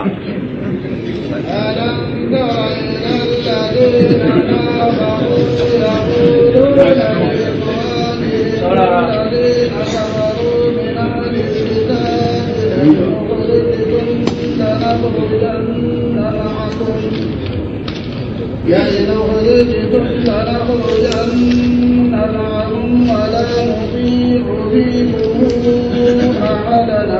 ألم تر إلى الذين نافقوا يقولون لإخوانهم الذين كفروا من أهل الكتاب إن قلتم لنخرجن معكم لئن أخرجتم لنخرجن معكم ولا نطيع فيكم أحدا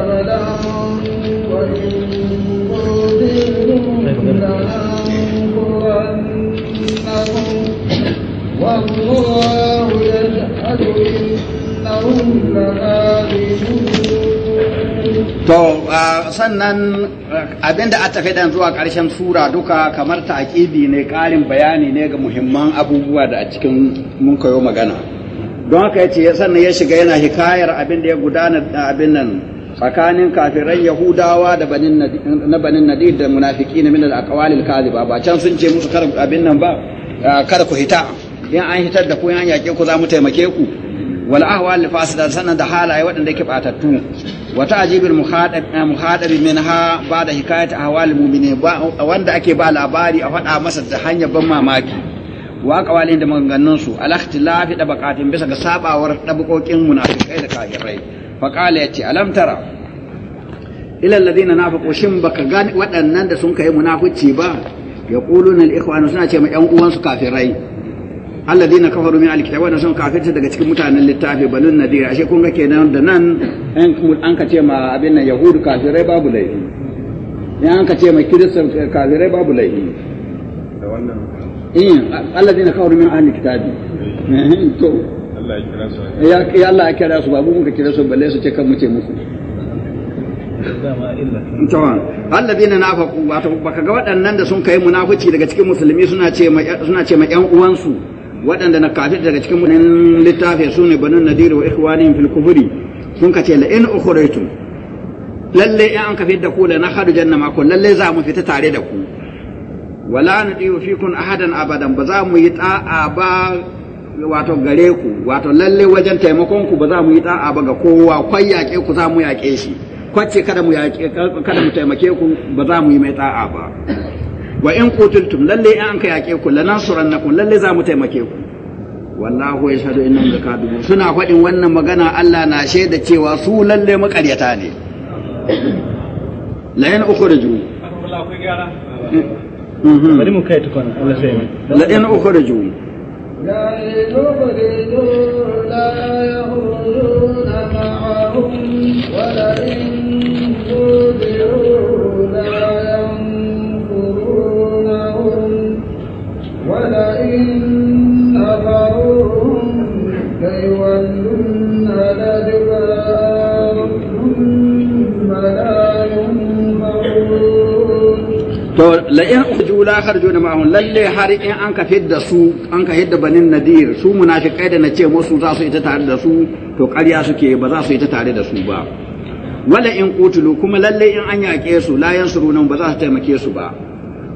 To, sannan abinda a tafi dan zuwa karshen sura duka kamar ta'akibi ne ƙarin bayani ne ga muhimman abubuwa da a cikin mun kayo magana. Don haka ya ce, sannan ya shiga yana hikayar abinda ya gudana abin nan tsakanin kafiran Yahudawa da na banin nadi da munafiki na minal akawalil kaziba ba can sun ce musu abin nan ba kada ku hita. in an hitar da ku in an yaƙe ku za mu taimake ku wal ahwal fasida sanan da halaye waɗanda yake batattu wa ta'jibul muhadab eh, minha ba'da hikayat ahwal mu'minin wanda ake ba labari a faɗa masa da hanyar ban mamaki wa qawalin da maganganun su al ikhtilafi da baqatin bisa ga sabawar dabukokin munafikai da kafirai fa qala yace alam tara ila alladhina nafaqu shin baka gani waɗannan da sun kai munafici ba yaquluna al ikhwanu suna ce ma ƴan uwansu kafirai alladina kafaru min alkitab wa sun kafirta daga cikin mutanen littafi balun nadir ashe kun ga kenan da nan an ka ce ma abin nan yahudu kafirai babu laifi in an ka ce ma kirista kafirai babu laifi da wannan in eh, alladina kafaru min ahli kitabi eh, to Allah ya kira su ya Allah ya kira su babu mun ka kira su balle su ce kan mu ce muku to alladina nafaqu wato baka ga waɗannan da sun kai munafici daga cikin musulmi suna ce ma suna ce ma ƴan uwansu waɗanda na kafir daga cikin munin littafi su ne banu nadir wa ikhwanihim fil kufri sun kace la in ukhraytum lalle in an kafir da ku la nahadu janna ma kun lalle za mu fita tare da ku wala nudiyu fikum ahadan abadan ba za mu yi ta'a ba wato gare ku wato lalle wajen taimakon ku ba za mu yi ta'a ba ga kowa kwai yaƙe ku za mu yaƙe shi kwace kada mu yaƙe kada mu taimake ku ba za mu yi mai ta'a ba wa in qutiltum lalle in an ka yake ku lanansurannakum lalle za mu taimake ku wallahu yashhadu innahum lakadibun suna faɗin wannan magana Allah na shaida cewa su lalle makaryata ne la in ukhriju bari mu kai tukun Allah sai la in ukhriju لا يخرجون لا يخرجون معهم ولئن قدروا لا to la in ukhju la kharjuna ma'ahum lalle har in an ka fidda su an ka hidda banin nadir su munafiqai da nace musu za su ita tare da su to ƙarya suke ba za su ita tare da su ba wala in qutulu kuma lalle in an yaƙe su la yansuruna ba za su taimake su ba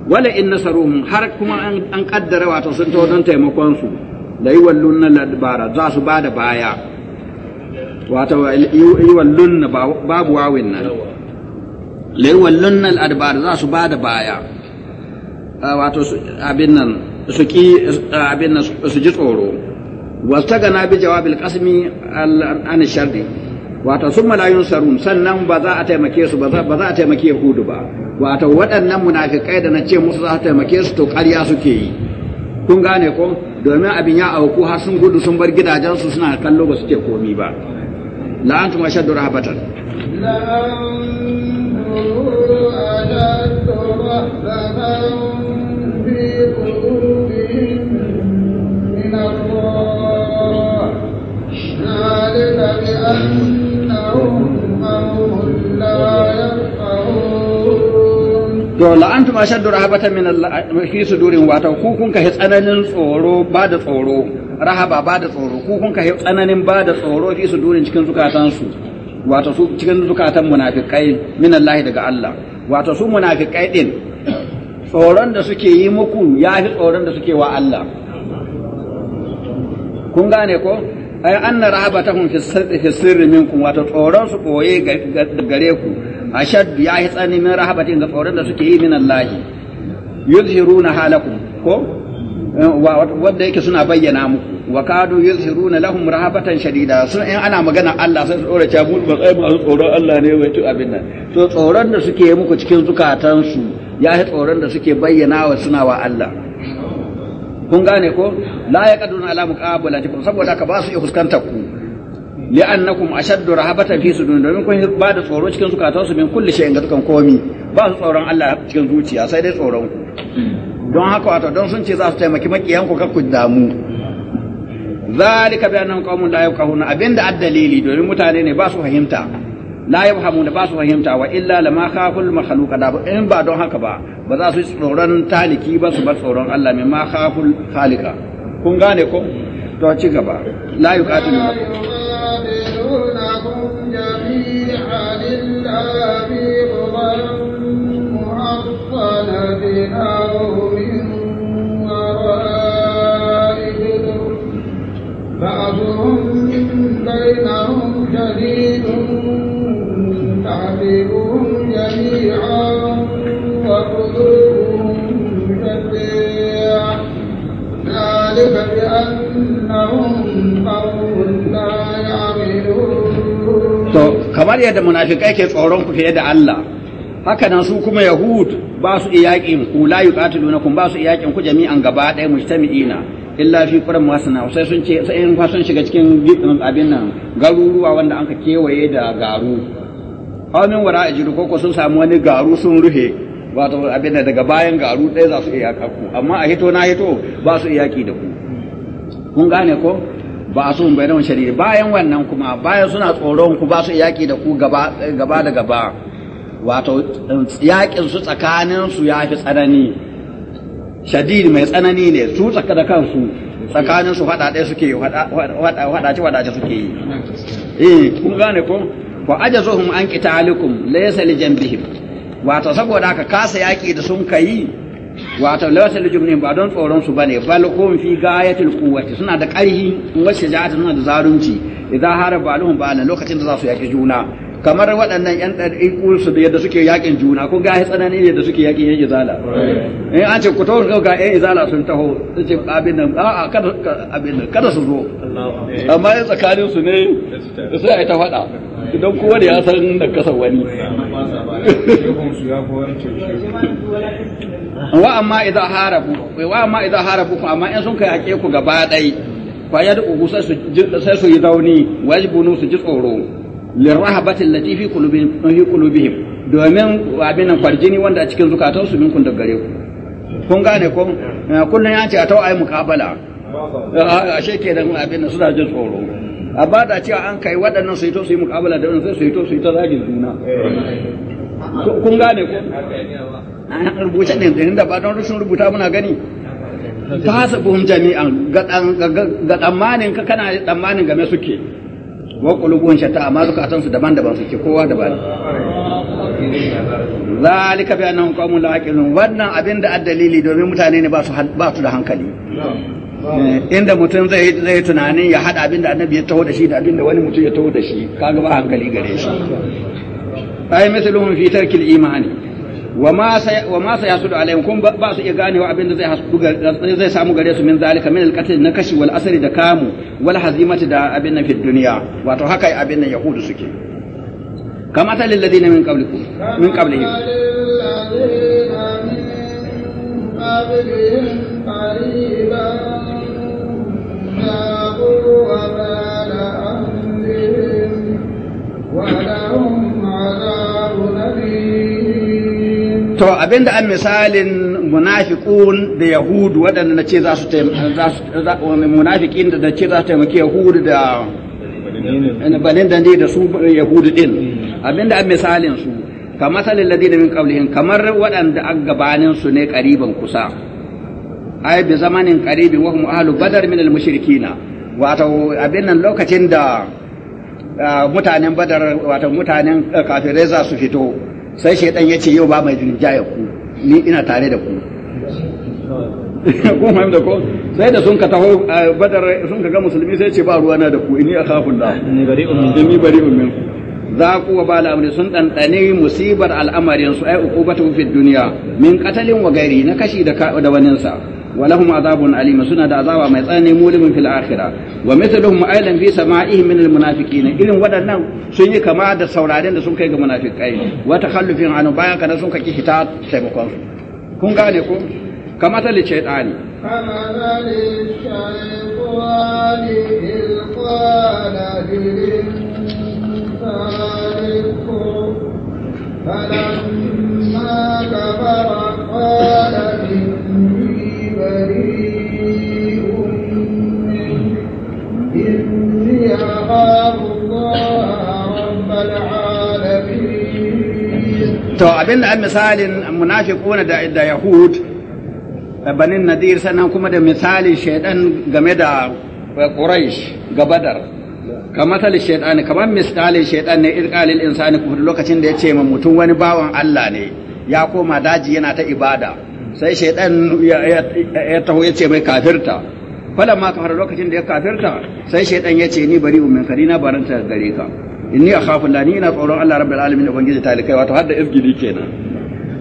wala in nasaruhum har kuma an kaddara wato sun tawo don taimakon su la yuwallunna ladbara za su bada baya wato yuwallunna babu wawin nan laiwallon al'adbar za su ba da baya wato abin nan su ki abin nan su ji tsoro wasta gana bi jawabil kasmi an sharri wato sun malayun sarun sannan ba za a taimake su ba za a taimake yahudu ba wato waɗannan munafikai da na ce musu za a taimake su to ƙarya suke yi kun gane ko domin abin ya auku har sun gudu sun bar gidajen su suna kallo ba suke komi ba la'antum ashaddu rahbatan أشد رهبة في قلوبهم ashaddu rahabatan min fi sudurin wato ku kun ka tsananin tsoro ba da tsoro rahaba ba da tsoro ku kun ka tsananin ba da tsoro fi sudurin cikin zukatansu wato su cikin zukatan munafikai min Allah daga Allah wato su munafikai din tsoron da suke yi muku ya fi tsoron da suke wa Allah kun gane ko ai anna rahabatahum fi sirri fi sirri minkum wato tsoron su koye gare ku ashad ya yi tsani min rahabatin ga tsoron da suke yi min Allah yuzhiruna halakum ko wanda yake suna bayyana muku wa kadu yuzhiruna lahum rahabatan shadida sun in ana magana Allah sai su dora ta mu ba sai masu tsoron Allah ne wai to abin nan to tsoron da suke yi muku cikin zukatan su ya yi tsoron da suke bayyana wa suna wa Allah kun gane ko la yaqduna ala muqabalatikum saboda ka ba su iya fuskantar ku li'annakum ashaddu rahabatan fi sudur domin kun ba da tsoro cikin zukatan su min kulli shay'in ga dukan komi ba su tsoron Allah cikin zuciya sai dai tsoron ku don haka wato don sun ce za su taimaki makiyan ku damu zalika bi annahum qaumun la yaqahuna abinda addalili domin mutane ne ba su fahimta la yafhamuna ba su fahimta wa illa lama khaful makhluqa da in ba don haka ba ba za su tsoron taliki ba su bar tsoron Allah mai ma khaful khaliqa kun gane ko to ci gaba la yuqatiluna to kamar yadda munafikai ke tsoron ku fiye da Allah haka nan su kuma yahud ba su iyakin ku la yuqatilunakum ba su iyakin ku jami'an gaba ɗaya mujtami'ina illa fi kuran masana sai sun ce sai in sun shiga cikin abin nan garuruwa wanda anka kewaye da garu aw min wara ajru koko sun samu wani garu sun rufe wato abin da daga bayan garu ɗaya za su iya ku amma a hito na hito ba su iya ki da ku kun gane ko ba su bai da shari'a bayan wannan kuma bayan suna tsoron ku ba su yaki da ku gaba gaba da gaba wato yakin su tsakanin su ya fi tsanani shadid mai tsanani ne su tsaka da kansu tsakanin su fada ɗaya suke wadace wadace suke yi eh kun gane ko wa ajazuhum an qitalikum laysa li janbihim wato saboda haka kasa yaki da sun kai wato laysa li ba don tsoron su bane bal hum fi gayatil quwwati suna da ƙarhi wasu ja'ata suna da zarunci idan haraba alhum ba lokacin da za su yaki juna kamar waɗannan yan ɗariƙu su da yadda suke yakin juna ko ga tsanani ne da suke yakin yan izala in eh, an ce ku taho ga yan izala sun taho su ce abin nan a'a kada abin nan kada su zo amma ya tsakanin su ne sai a ta faɗa idan kowa da ya san da kasar wani wa amma idan harabu wa amma idan harabu amma in sun kai ake ku gaba ɗai fa yad'u sai su yi zauni wajibu su ji tsoro lirrahabati التي fi قلوبهم fi قلوبهم domin abinan farjini wanda cikin zukatan su kun da gare ku kun gane ko kullun ya ce a tawai muqabala ashe kenan abin suna jin tsoro a bada da cewa an kai waɗannan su yito to su yi muqabala da wannan su yito su yi ta zagin juna kun gane ko an rubuta ne da ba don rushin rubuta muna gani ta hasa jami'an ga tsammanin ka kana tsammanin game suke wa qulubun shatta amma zukatan su daban-daban suke kowa daban zalika bi annahum qaumun la yaqilun wannan abin da addalili domin mutane ne ba su ba su da hankali eh, inda mutum zai zai tunanin ya hada abin da annabi ya taho da shi da abin da wani mutum ya taho da shi kaga ba hankali gare shi ai misaluhum fi tarkil imani wa ma sa yasudu alaihim kun ba su iya ganewa abin da zai zai samu gare su min zalika min alqatl na kashi wal asri da kamu wal hazimati da abin nan fi dunya wato haka abin nan yahudu suke kama ta lil ladina min qablikum min qablihim قبلهم قريبا to abinda an misalin munafiqun da yahudu waɗanda na ce za su munafiqin da ce za su taimaki yahudu da banin da ne da su yahudu din abinda an misalin su ka masalin ladina min qablihim kamar waɗanda an gabanin su ne qariban kusa ay bi zamanin qaribi wa hum ahlu badar min al mushrikina wato abin nan lokacin da mutanen badar wato mutanen kafirai za su fito sai shaidan ya ce yau ba mai ya ku ni ina tare da ku kun da ko sai da sun ka taho badar sun ka ga musulmi sai ce ba ruwana da ku ini akhafu da. ni bari'un min ni bari'un min za ku wa bala amri sun dandane musibar al'amarin su ai uqubatu fi dunya min qatalin wa gairi na kashi da da sa ولهم عذاب أليم سنة عذاب ما يتعني مولم في الآخرة ومثلهم أيضا في سمائهم من المنافقين إذن ودنا سنة كما دا سورارين دا سنكي منافقين وتخلفهم عنه بايا كنا سنكي كي حتات سيبقون كون غاني كون كما تلي شيطان كما تلي الشيطان إذ قال للإنسان فلما كفر قال بريء منه إني to abinda an misalin munafiquna da da yahud banin nadir sannan kuma da misalin shaidan game da eh, quraish ga badar kamatal shaidan kamar misalin shaidan ne irqalil insani kuma lokacin da ya ce ma mutum wani bawan Allah ne ya koma daji yana ta ibada sai shaidan ya taho ya ce mai kafirta fala ma kafar lokacin da ya kafirta sai shaidan ya ce ni bari ummin kari na baranta gare ka inni akhafu la ni ina tsoron Allah rabbil alamin da ubangiji talikai wato har da irgidi kenan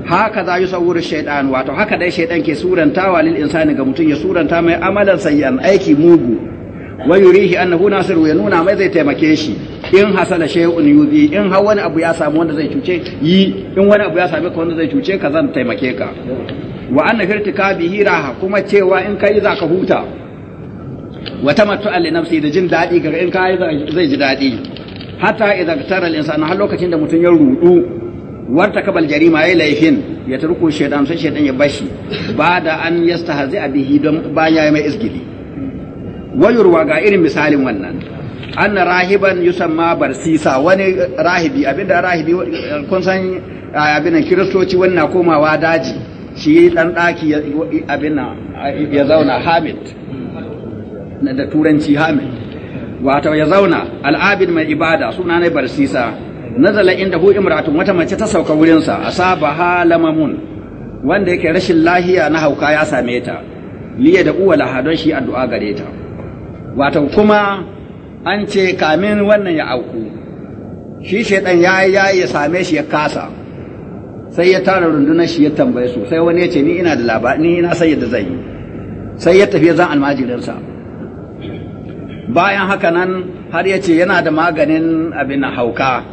haka za yi saurin shaidan wato haka dai shaidan ke suranta wa lil insani ga mutum ya suranta mai amalan sayyan aiki mugu wa yurihi annahu nasiru ya nuna mai zai taimake shi in hasala shay'un yuzi in har wani abu ya samu wanda zai cuce yi in wani abu ya same ka wanda zai cuce ka zan taimake ka wa anna firtika bihi raha kuma cewa in kai za ka huta wa tamattu li nafsi da jin dadi ga in kai zai ji dadi hatta idan tara al insana har lokacin da mutum ya rudu warta kabal jarima yayi laifin ya turku shaydan sai shaydan ya bashi ba da an yastahzi bihi don baya mai isgili wayurwa ga irin misalin wannan anna rahiban yusamma barsisa wani rahibi abinda rahibi kun san abinan kiristoci wannan komawa daji shi dan ɗaki abin na ya zauna hamid da turanci hamid wato ya zauna al'abid mai ibada suna ne barsisa nazala inda hu imratun wata mace ta sauka wurinsa A asaba halamamun wanda yake rashin lahiya na hauka ya same ta liya da uwa lahadon shi addu'a gare ta wato kuma an ce kamin wannan ya auku shi shaidan ya ya same shi ya kasa sai ya tara rundunar shi ya tambaye su sai wani ya ce ni ina da labari ni ina sai yadda zai yi sai ya tafi zan almajirinsa bayan haka nan har ya ce yana da maganin abin hauka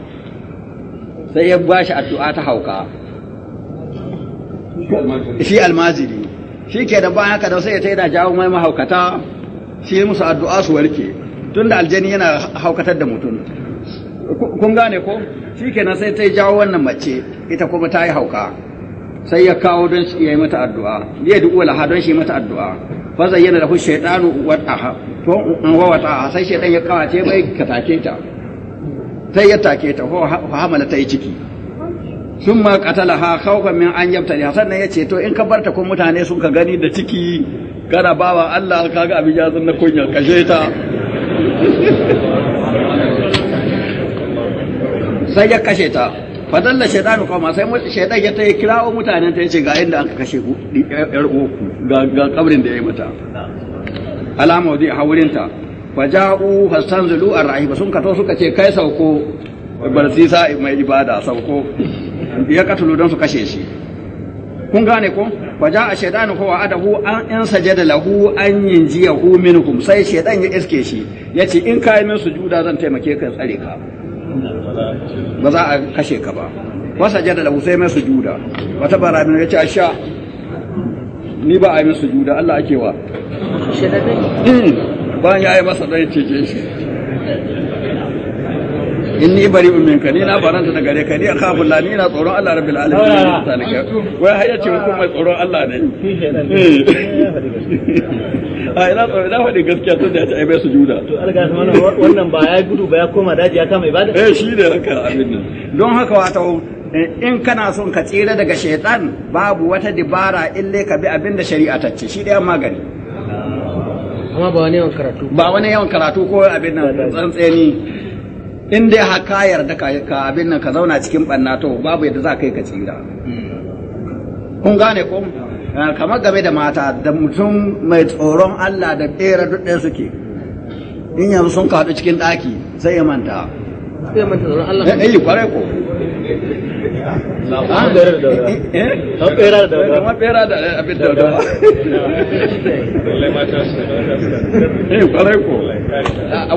sai ya bashi addu'a ta hauka shi almajiri shi ke da bayan haka da sai ya ta yana jawo mai mahaukata shi musu addu'a su warke tunda aljani yana haukatar da mutum kun gane ko shikenan sai ta jawo wannan mace ita kuma ta yi hauka sai ya kawo don shi ya yi mata addu'a ya duk wala don shi mata addu'a fa zayyana lahu shaytanu wa taha to wa wa taha sai shaytan ya kawace mai katake ta sai ya take ta ko hamala ta yi ciki sun ma katalaha khawfan min an yabtali sannan ya ce to in ka barta kun mutane sun ka gani da ciki kana bawa Allah kaga abin ya na kunya kashe ta sai ya kashe ta fadalla shaitanu kawai sai shaitan ya tayi kirawo mutanen ta yace ga inda aka kashe ku yar uku ga ga kabrin da yayi mata alama wadi hawurin ta faja'u fastanzulu arrahiba sun kato suka ce kai sauko barsisa mai ibada sauko ya katulu don su kashe shi kun gane ko faja'a shaytanu fa adahu an in sajada lahu an yinjiyahu minkum sai shaytan ya iske shi yace in kai min sujuda zan taimake ka tsare ka ba za a kashe ka ba wasa jada da sai mai sujuda wata bara min yace asha ni ba a yi sujuda Allah ake wa hmm. bayan ya yi masa dai ce shi inni bari min ka ni na faranta daga gare ka ni akhafu la ni na tsoron Allah rabbil alamin wai har yace ku mai tsoron Allah ne a ina tsoron da faɗi gaskiya to da ya ce ai bai sujuda to alga wannan ba ya gudu ba ya koma daji ya kama ibada eh shi ne haka abin nan don haka wato eh, in kana son ka tsira daga shaitan babu wata dibara ille ka bi abinda shari'a ta ce shi da magani amma ba wani yawan karatu ba wani yawan karatu ko abin nan tsantseni in dai haka yarda ka abin nan ka zauna cikin banna to babu yadda za ka yi ka tsira kun gane ko hmm. ah, kamar game da mata da mutum mai tsoron Allah da bera duk ɗaya suke in yanzu sun kaɗu cikin ɗaki sai ya manta sai ya manta tsoron Allah eh, eh kwarai ko ko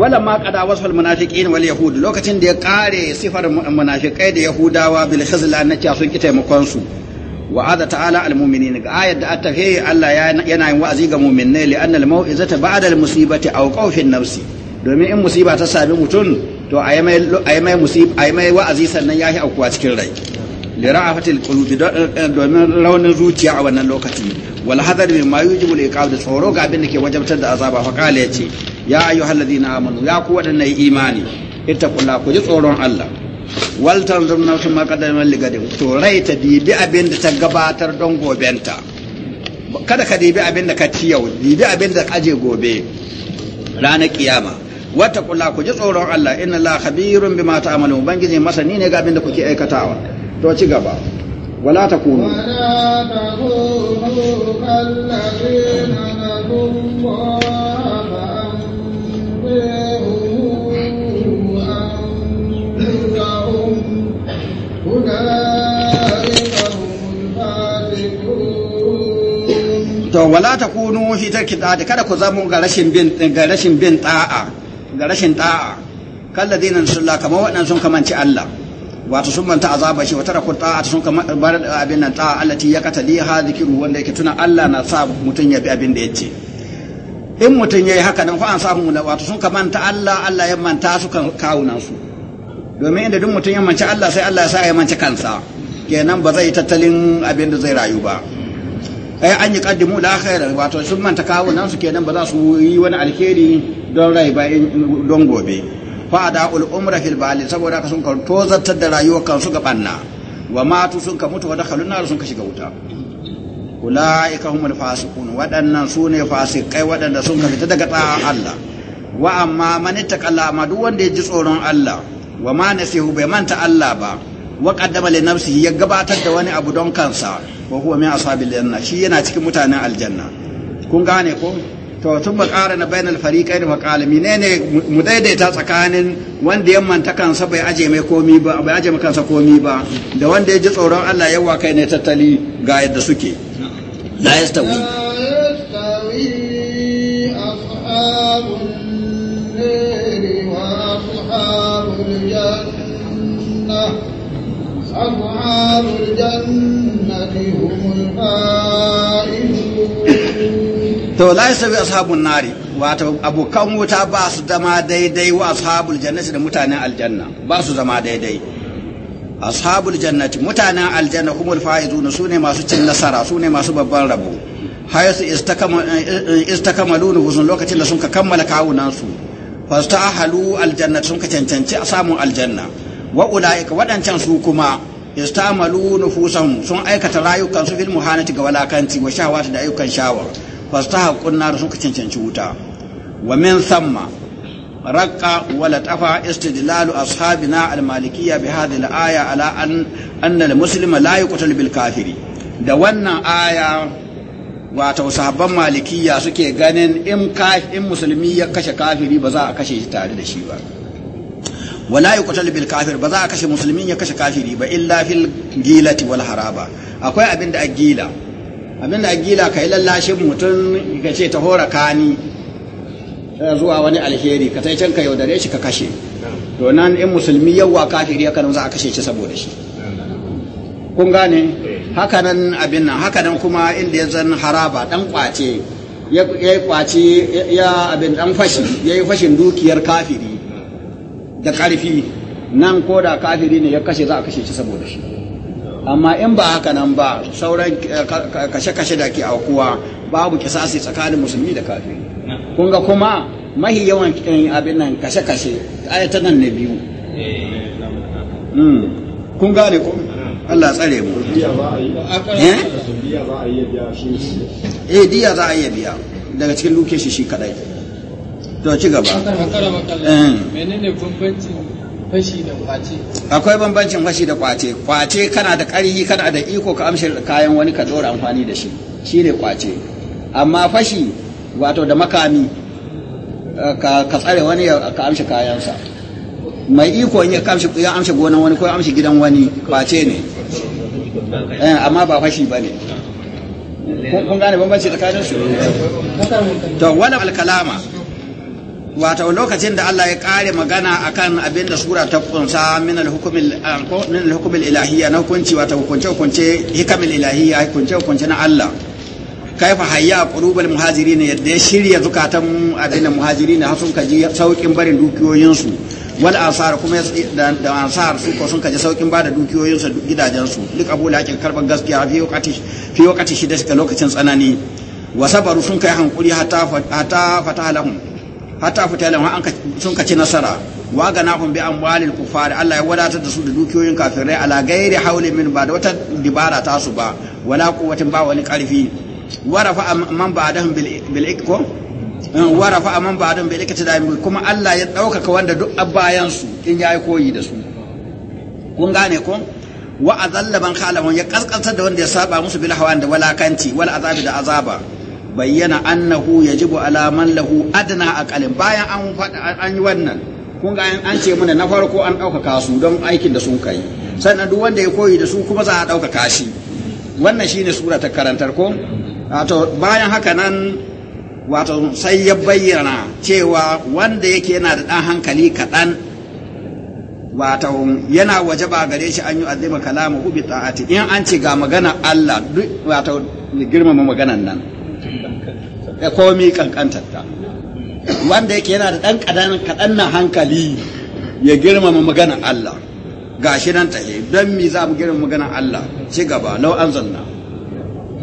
wala ma qada wasfal munafiqin lokacin da ya kare sifar munafiqai da yahudawa bil khizlan na cewa ki taimakon su ta'ala al ga ayat da attafe Allah yana yin wa'azi mu'minai li anna al mau'izata ba'da al musibati in musiba ta sami wa'azi sannan ya yi aukuwa cikin rai eh, raunin zuciya a wannan lokaci da tsoro ga abin da ke da azaba ya ayyuhal na amanu ya ku wadannan imani ittaqullaha ku ji tsoron Allah wal tanzur na ma qaddamat li gadin to rai ta dibi abin da ta gabatar don gobenta kada ka dibi abin da ka ci yau dibi abin da aje gobe ranar kiyama wata kula ku ji tsoron Allah inna la khabirun bima ta'malu ubangiji masa ne ga abin da kuke aikatawa to ci gaba wala takunu wala takunu kallazina to wala ta kunu shi ta tarki da kada ku zamu ga rashin bin ga rashin bin ta'a ga rashin ta'a kalla dinan sallah kama waɗannan sun kamanci Allah wato sun manta azaba shi wata rakun ta'a sun kama bar abin nan ta'a Allah ti ya katali ha zikiru wanda yake tuna Allah na sa mutun ya bi abin da yace in mutum ya yi haka nan an samu na wato sun kamanta Allah Allah ya manta su kawunan su domin inda duk mutum ya manci Allah sai Allah ya sa ya manci kansa kenan ba zai tattalin abin da zai rayu ba ai an yi kaddimu da khaira wato sun manta kawunansu su kenan ba za su yi wani alheri don rai ba don gobe fa da ul umra fil bali saboda ka sun kan tozartar da rayuwar kansu ga banna wa matu sun ka mutu wa dakhalun nar sun ka shiga wuta ula'ika humul fasiqun waɗannan su ne fasikai waɗanda sun fita daga tsarin Allah wa amma man ittaqalla duk wanda ya ji tsoron Allah wa ma nasihu bai manta Allah ba wa qaddama li nafsihi ya gabatar da wani abu don kansa wa huwa min ashabil janna shi yana cikin mutanen aljanna kun gane ko to tun ba ƙara na bainal fariqain fa qala menene mu daidaita tsakanin wanda ya manta kansa bai aje mai komi ba bai aje kansa komi ba da wanda ya ji tsoron Allah yawa kai ne tattali ga yadda suke لا يستوي أصحاب الجنة هم to la bi ashabun nari wato abokan wuta ba su zama daidai wa ashabul jannati da mutanen aljanna ba su zama daidai ashabul jannati mutanen aljanna humul faizun sune masu cin nasara sune masu babban rabo haythu istakamalu huzun lokacin da sun ka kammala kawunan su fastahalu aljannati ka cancanci a samun aljanna wa ulaika wadancan su kuma istamalu nufusan sun aikata rayukan su fil muhanati ga walakanci wa shahawati da ayyukan fasta fastahaqqun nar ka cancanci wuta wa min thamma رق ولتفى استدلال أصحابنا المالكية بهذه الآية على أن أن المسلم لا يقتل بالكافر da wannan aya wato sahabban malikiya suke ganin in in musulmi ya kashe kafiri ba za a kashe shi tare da shi ba wala yuqtal bil kafir ba za a kashe musulmin ya kashe kafiri ba illa fil gilati wal haraba akwai abinda a gila abinda a gila kai lallashin mutum ka ce ta hora kani Eh, zuwa wani alheri ka tai can ka yaudare shi ka kashe to nan in musulmi yawa kafiri haka nan za a kashe shi saboda shi kun gane haka nan abin nan haka nan kuma inda ya zan haraba dan kwace ya kwace ya abin dan fashi ya fashin dukiyar kafiri da karfi nan ko da kafiri ne ya kashe za a kashe shi saboda shi amma in ba haka nan ba sauran eh, kashe-kashe da ke aukuwa babu kisasi tsakanin musulmi da kafiri kun ga kuma mahi yawan eh, abin nan kashe-kashe ayata nan na biyu hmm. kun gane ko Allah tsare mu eh eh diya za a iya biya daga cikin luke shi shi kadai to ci gaba eh. menene bambancin fashi da kwace akwai bambancin fashi da kwace kwace kana da ƙarfi kana da iko ka amshi kayan wani ka dora amfani da shi shine kwace amma fashi wato da makami eh, ka tsare wani ka amshi kayansa mai iko in ya amshi gonan wani ko ya amshi gidan wani ce ne eh, amma ba fashi ba ne kun gane bambanci tsakanin su to wani alkalama wato lokacin da Allah ya kare magana akan abin da sura ta kunsa min al-hukumil eh, ilahiyya na hukunci wato hukunce hukunce hikamil ilahiyya hukunce hukunce na Allah kaifa hayya qulubal muhajirin yadda ya shirya zukatan abin muhajirin har sun kaji saukin barin dukiyoyinsu wal asar kuma da ansar su ko sun kaji saukin ba da dukiyoyinsu gidajensu duk abu lakin karban gaskiya fi wakati fi wakati shi da suka lokacin tsanani wa sabaru sun kai hankuri hatta hatta fataha lahum hatta an lahum sun kaci nasara wa ganahum bi amwalil kufari Allah ya wadatar da su da dukiyoyin kafirai ala gairi haulin min ba da wata dibara ta su ba wala kuwatin ba wani karfi warafa man ba'dahum bil ikko eh, warafa man ba'dahum bil kuma Allah ya daukaka wanda duk abayan su in yayi koyi da su kun gane ko wa azalla ban ya kaskantar da wanda ya saba musu bil hawan da walakanci wal azabi da azaba bayyana annahu yajibu ala man lahu adna aqalin bayan an an yi wannan kun ga an ce mana na farko an ɗaukaka su don aikin da sun kai sannan duk wanda ya koyi da su kuma za a ɗaukaka shi wannan shine sura ta karantar ko wato bayan haka nan wato sai ya bayyana cewa wanda yake yana da ɗan hankali kaɗan wato yana waje ba gare shi an yi azima kalamu hubi ta'ati in an ci ga magana Allah wato girmama maganan nan ya komi kankantar ta wanda yake yana da ɗan kaɗan na hankali ya girmama maganan Allah gashi nan tahe don mi za mu girmama maganan Allah ci gaba lau an zanna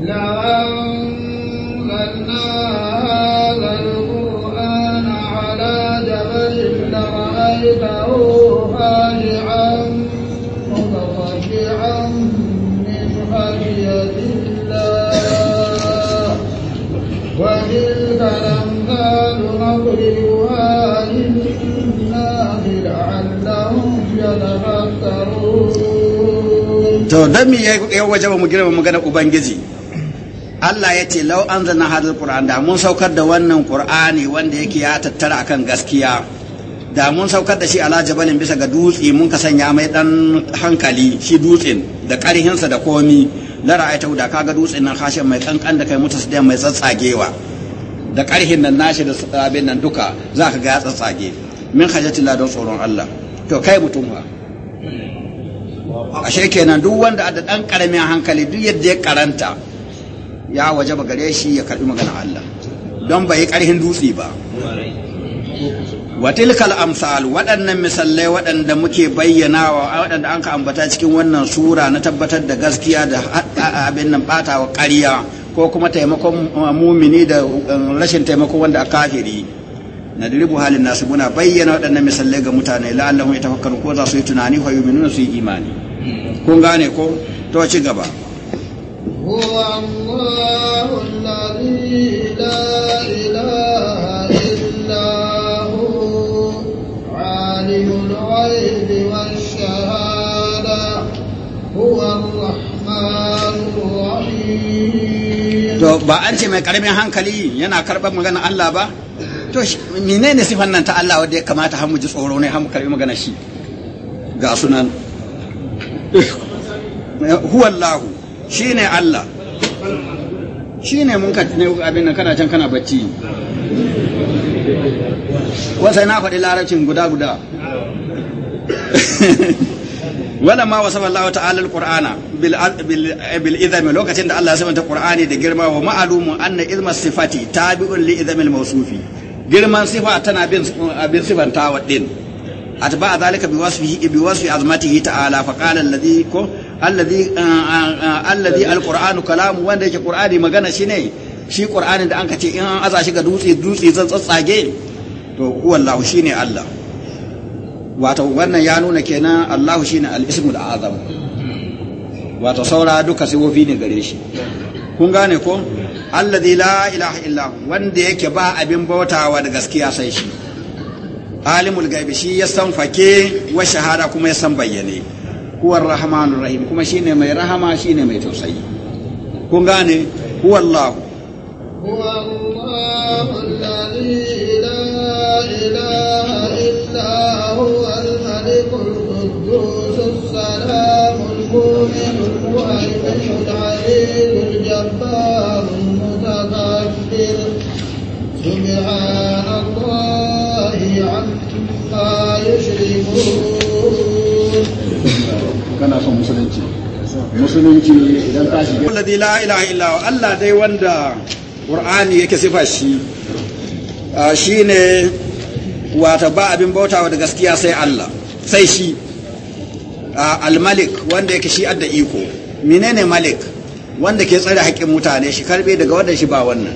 لو أنزلنا هذا القرآن على جبل لرأيته خاشعا متخشعا من خشية الله وتلك الأمثال نضربها للناس لعلهم يتفكرون to don me ya wajaba mu girma magana ubangiji Allah ya ce lau an zana hadar Kur'an da mun saukar da wannan Kur'ani wanda yake ya tattara akan gaskiya da mun saukar da shi ala jabalin bisa ga dutse mun ka sanya mai dan hankali shi dutsen da karhinsa da komi na ra'aita da kaga dutsen nan hashin mai kankan da kai da mai tsatsagewa da karhin nan nashi da sabin nan duka za ka ga ya tsatsage min la don tsoron Allah to kai mutum ha ashe kenan duk wanda da dan karamin hankali duk yadda ya karanta ya waje ba gare shi ya karbi magana Allah don bai karhin dutse ba watilkal amsal waɗannan misalai waɗanda muke bayyanawa waɗanda an ka ambata cikin wannan sura na tabbatar da gaskiya da abin nan bata wa ƙarya ko kuma taimakon uh, mumini da um, rashin taimako wanda kafiri na diribu halin nasu muna bayyana waɗannan misallai ga mutane la'allahu ya tafakkaru ko za su yi tunani ko yuminu su yi imani kun gane ko to ci gaba to ba an ce mai karamin hankali yana karɓar magana Allah ba to mine ne sifan nan ta Allah wadda ya kamata har ji tsoro ne har karɓi magana shi ga sunan eh, huwallahu shi ne Allah shi ne mun katina abinan kana can kana bacci wasai na faɗi larabcin guda-guda wadda ma wasu Allah ta'ala al-Qur'ana eh, bil izami lokacin da Allah ya sabanta da girma wa ma'alumun annan izmar sifati izamin girman sifa tana bin sifanta waɗin a ta ba a zalika bi wasu azmatihi faƙalar Uh, uh, uh, alladhi alqur'anu kalamu wanda yake qur'ani magana shi ne shi qur'ani da an ka ce in an aza shi ga dutse dutse zan tsatsage to wallahu shine Allah wato wannan ya nuna kenan Allahu shine al-ismul azam wato saura duka sifofi ne gare shi kun gane ko alladhi la ilaha illa wanda yake ba abin bautawa da gaskiya sai shi alimul gaibi shi ya san fake wa shahada kuma ya san bayyane huwa rahmanur rahim kuma shine mai rahama shine mai tausayi kun gane huwa allah huwa allah alladhi la ilaha illa huwa al-malik al as-salam al-mu'min al al al-jabbar al-mutakabbir سبحان الله عما يشركون kana son musulunci musulunci idan ka shiga alladhi la ilaha illa Allah dai wanda qur'ani yake sifa shi shine wata ba abin bautawa da gaskiya sai Allah sai shi al-malik wanda yake shi adda iko menene malik wanda ke tsare haƙin mutane shi karbe daga wanda shi ba wannan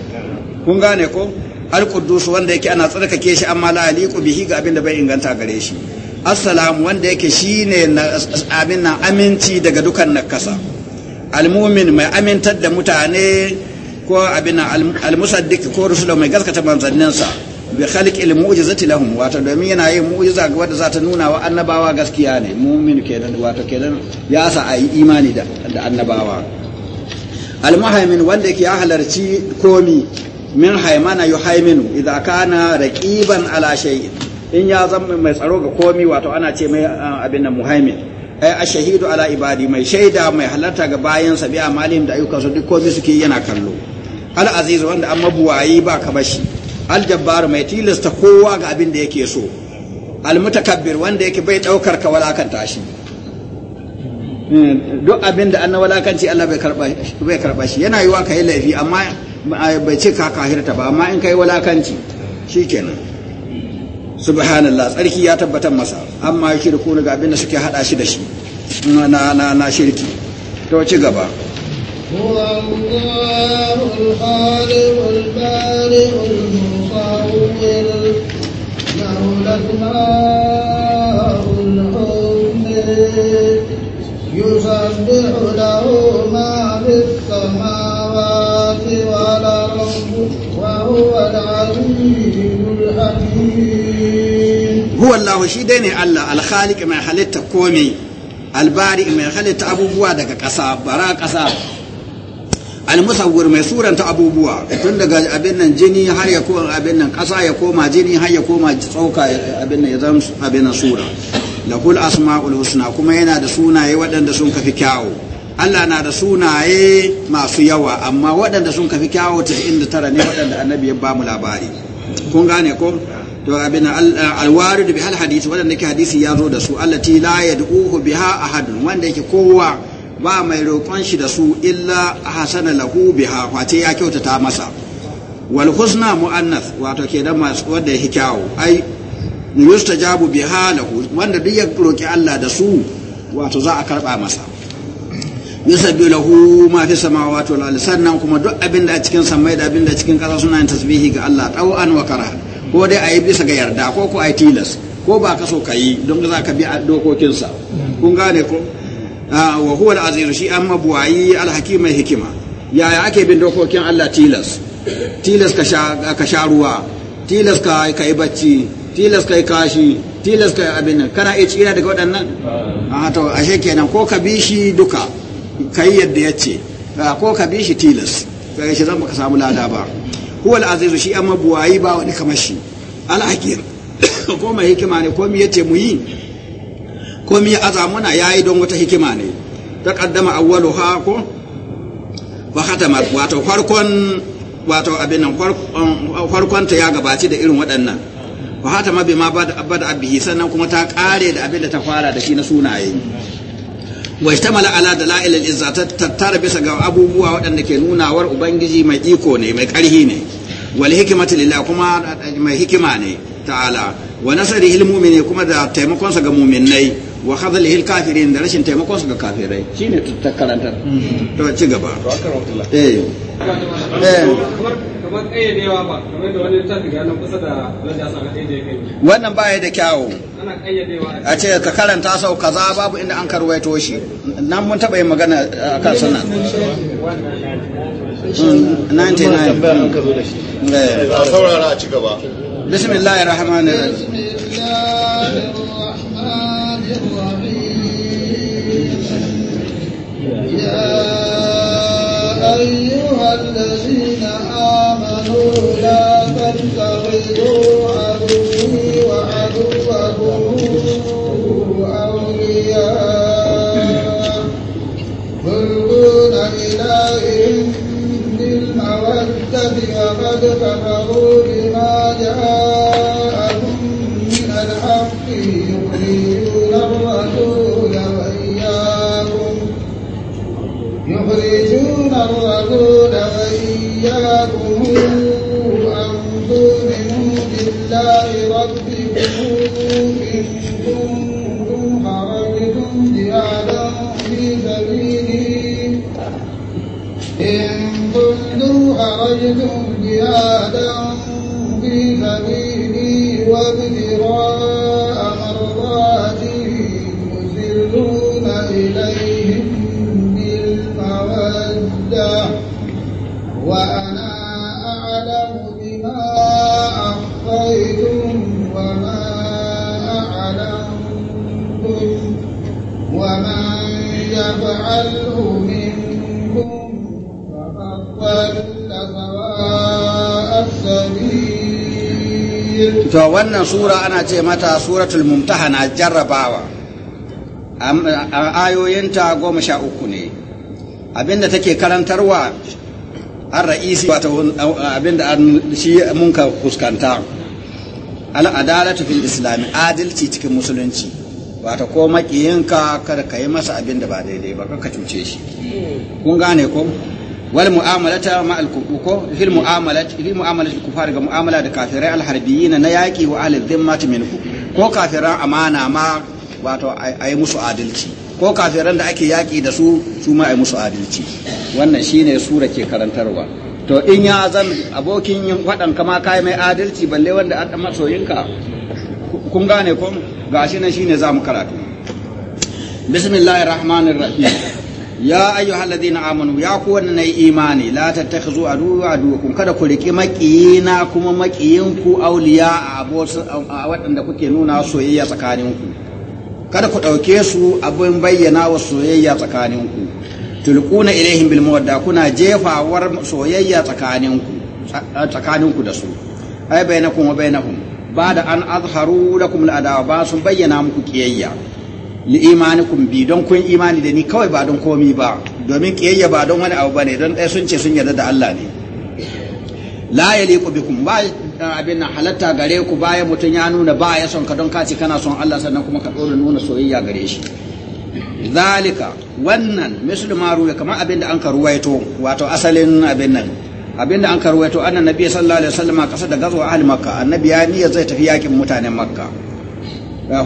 kun gane ko al-quddus wanda yake ana tsarkake shi amma la aliqu bihi ga abin da bai inganta gare shi assalamu wanda yake shi shine amin aminci daga dukan nakasa almumin mai amintar da mutane ko abin almusaddiq ko rusula mai gaskata manzanninsa ilmu uji zati lahum wato domin yana mu mu'jiza ga wanda za ta nuna wa annabawa gaskiya ne mu'min kenan wato kenan ya sa ayi imani da annabawa almuhaimin wanda yake ya halarci komi min haimana yuhaiminu idza kana raqiban ala shay'in in ya zama mai tsaro ga komi wato ana ce mai ah, abin nan muhaimin ai shahidu ala ibadi mai shaida mai halarta ga bayansa bi amalin da su duk komi suke yana kallo al aziz wanda an mabuwayi ba ka bashi al jabbar mai tilasta kowa ga abin da yake so al mutakabbir wanda yake bai daukar ka walakanta shi hmm, duk abin da an walakanci Allah bai karba bai karba shi yana yiwa kai laifi amma ah, bai ce ka kahirta ba amma in kai walakanci shikenan subhanallah tsarki ya tabbatar masa amma shirku daga da suke hada shi da shi na na na shirki to ci gaba يسبح له ما في وهو shi dai ne الله شي ديني الله الخالق ما خلت كومي البارئ ما خلت أبوبوا دك كسا برا mai suranta abubuwa tun daga abin nan jini har ya koma abin nan ƙasa ya koma jini har ya koma tsauka ya zama abin nan sura lahul asma'ul husna kuma yana da sunaye waɗanda sun fi kyawu Allah na da sunaye masu yawa amma waɗanda sun kafi kyawo 99 ne waɗanda annabi ya bamu labari kun gane ko to abin alwarid bi hal hadisi waɗanda ke hadisi ya zo da su allati la yad'uhu biha ahadun wanda yake kowa ba mai roƙon shi da su illa hasana lahu biha wace ya kyautata masa wal husna muannath wato ke da masu wanda yake kyawo ai yustajabu biha lahu wanda duk ya roki Allah da su wato za a karɓa masa yusabbi lahu ma fi samawati wal sannan kuma duk abin da a cikin samai da abin da cikin ƙasa suna yin tasbihi ga Allah taw'an wa karaha ko dai ayi bisa ga yarda ko ko ayi tilas ko ba ka so ka yi don za ka bi dokokinsa kun gane ko ah, wa huwa al-aziz shi an buwayi al-hakim mai hikima yaya ake bin dokokin Allah tilas tilas ka sha ka sha ruwa tilas ka ka yi bacci tilas ka yi kashi tilas ka yi abin kana iya tsira daga waɗannan a ah. ah, to ashe kenan ko ka bi shi duka kai yadda ya ce ko ka bi shi tilas kai shi zan baka samu lada ba huwa al-azizu shi amma buwayi ba wani kamar shi al-hakim ko mai hikima ne ko mi yace mu yi ko mi azamuna yayi don wata hikima ne ta kaddama awwalu ha ko wa khatama wato farkon wato abin nan um, farkon ta ya gabaci da irin waɗannan wa bi ma bada abihi sannan kuma ta kare da abin da ta fara da shi na sunaye wa ishtamala ala dalail al-izza tattara bisa ga abubuwa waɗanda ke nunawar ubangiji mai iko ne mai ƙarhi ne wal hikmatu lillah kuma eh, mai hikima ne ta'ala wa nasarihi al-mu'mini kuma da taimakonsa ga mu'minnai wa khadlihi al-kafirin da rashin taimakonsa ga kafirai shine ta karantar to ci gaba eh eh kamar ba kamar da wani da wannan baya da kyawu ana a ce ka karanta sau kaza babu inda an karwaito shi nan mun taɓa yin magana uh, a hmm, eh. saurara a ci يا أيها الذين آمنوا لا تتخذوا عدوي وعدوكم أولياء تلقون إليهم بالمودة وقد كفروا بما جاءكم أن تؤمنوا بالله ربكم إن كنتم خرجتم جهادا في سبيلي وابتغاء to wannan sura ana ce mata suratul mumtahana jarrabawa ayoyinta goma sha uku ne abinda take karantarwa an ra'isi wata abinda shi mun ka al'adalatu fil islami adalci cikin musulunci wata ko makiyinka kada ka yi masa abinda ba daidai ba ka cuce shi kun gane ko wal mu'amalata ma kuko fil mu'amalati fil mu'amalati kufar ga mu'amala da kafirai al harbiyina na yaqi wa ahli dhimmati minku ko kafiran amana ma wato ayi musu adalci ko kafiran da ake yaki da su su ma ayi musu adalci wannan shine sura ke karantarwa to in ya zan abokin yin fadan kama kai mai adalci balle wanda an masoyinka kun gane ko gashi nan shine zamu karatu bismillahir rahmanir rahim ya ayyuhal na amanu ya na yi imani la tattakhuzu aduwa kada ku riki makiyina kuma makiyinku awliya a waɗanda kuke nuna soyayya tsakaninku kada ku ɗauke su abin bayyana wa soyayya tsakaninku tulquna ilaihim bil mawadda kuna jefawar soyayya tsakaninku tsakaninku da su ai bainakum wa bainahum ba da an azharu lakum al adawa ba sun bayyana muku kiyayya li imanikum bi don kun imani da ni kawai ba don komi ba domin kiyayya ba don wani abu bane don ɗaya sun ce sun yarda da Allah ne la yaliqu bikum ba eh, abin nan halatta gare ku bayan mutum ya nuna ba ya son ka don kaci kana son Allah sannan kuma ka dole nuna soyayya gare shi zalika wannan mislu ma ruwa kamar abin da an ka ruwaito wato asalin abin nan abin da an ka ruwaito annabi sallallahu alaihi wasallam kasa da gazo ahli makka annabi ya niyya zai tafi yakin mutanen makka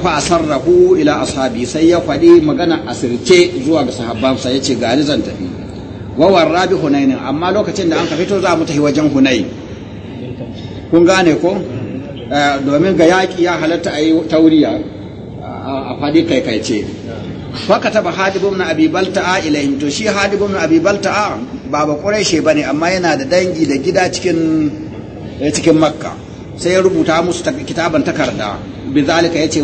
fa sarrahu ila ashabi sai ya faɗi magana asirce zuwa ga sahabbansa yace ga zan tafi wa warabi hunainin amma lokacin da an ka fito za mu tafi wajen hunai kun gane ko eh, domin ga yaƙi ya halatta a yi tauriya a faɗi fa ka taba hadibun na abibalta'a ilayhim to shi hadibun na abibalta'a ba Baba ƙureshe ba ne amma yana da dangi da gida cikin eh, makka sai ya rubuta musu kitaban takarda bizalika yace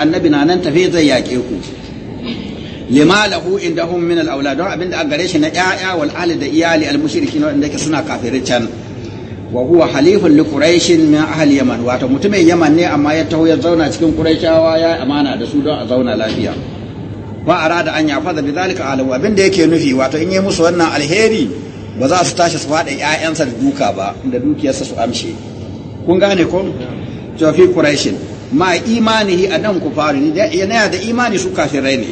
annabi na nan tafi zai yake ku lima lahu indahum min al awlad don abinda an gare shi na yaya wal ahli da iyali al mushrikin wanda yake suna kafirin can wa huwa halifun li quraish min ahli yaman wato mutumin yaman ne amma ya taho ya zauna cikin quraishawa ya amana da su don a zauna lafiya fa arada an yafaza bizalika alahu abinda yake nufi wato in yi musu wannan alheri ba za su tashi su faɗa 'ya'yansa da duka ba da dukiyarsa su amshe kun gane ko to fi quraishin ma imanihi faru ne yana da imani su kafirai ne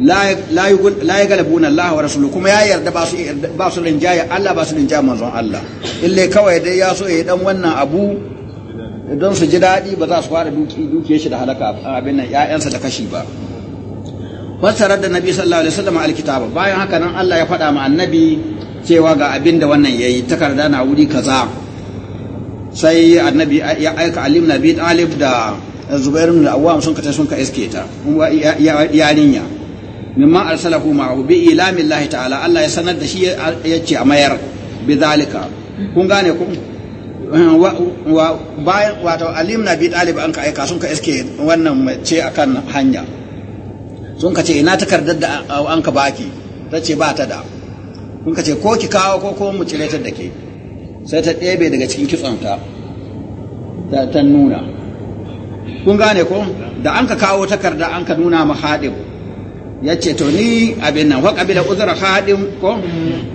la ya galabuna Allah wa rasuluhu kuma ya yarda ba su rinjaya Allah ba su rinjaya manzon Allah ille kawai dai ya so ya dan wannan abu don su ji daɗi ba za su fara dukiyar shi da halaka abin nan ƴaƴansa da kashi ba fassarar da nabi sallallahu alaihi wasallam alkitaba bayan haka nan Allah ya faɗa ma annabi cewa ga abin da wannan yayi takarda na wuri kaza sai annabi ya aika alim na bi talib da zubair ibn awwam sun kace sun ka iske ta yarinya mimma arsalahu ma'ahu bi ilamillahi ta'ala Allah ya sanar da shi ya ce a mayar bi zalika kun gane ku wa bayan wato alim na bi talib an ka aika sun ka iske wannan ce akan hanya sun ka ce ina takardar da an ka baki ta ce ba ta da kun ka ce ko ki kawo ko ko mu cire ta da ke sai ta ɗebe daga cikin kitsonta ta ta nuna kun gane ko da an ka kawo takarda an ka nuna ma haɗin ya ce to ni abin nan waƙa bila uzura haɗin ko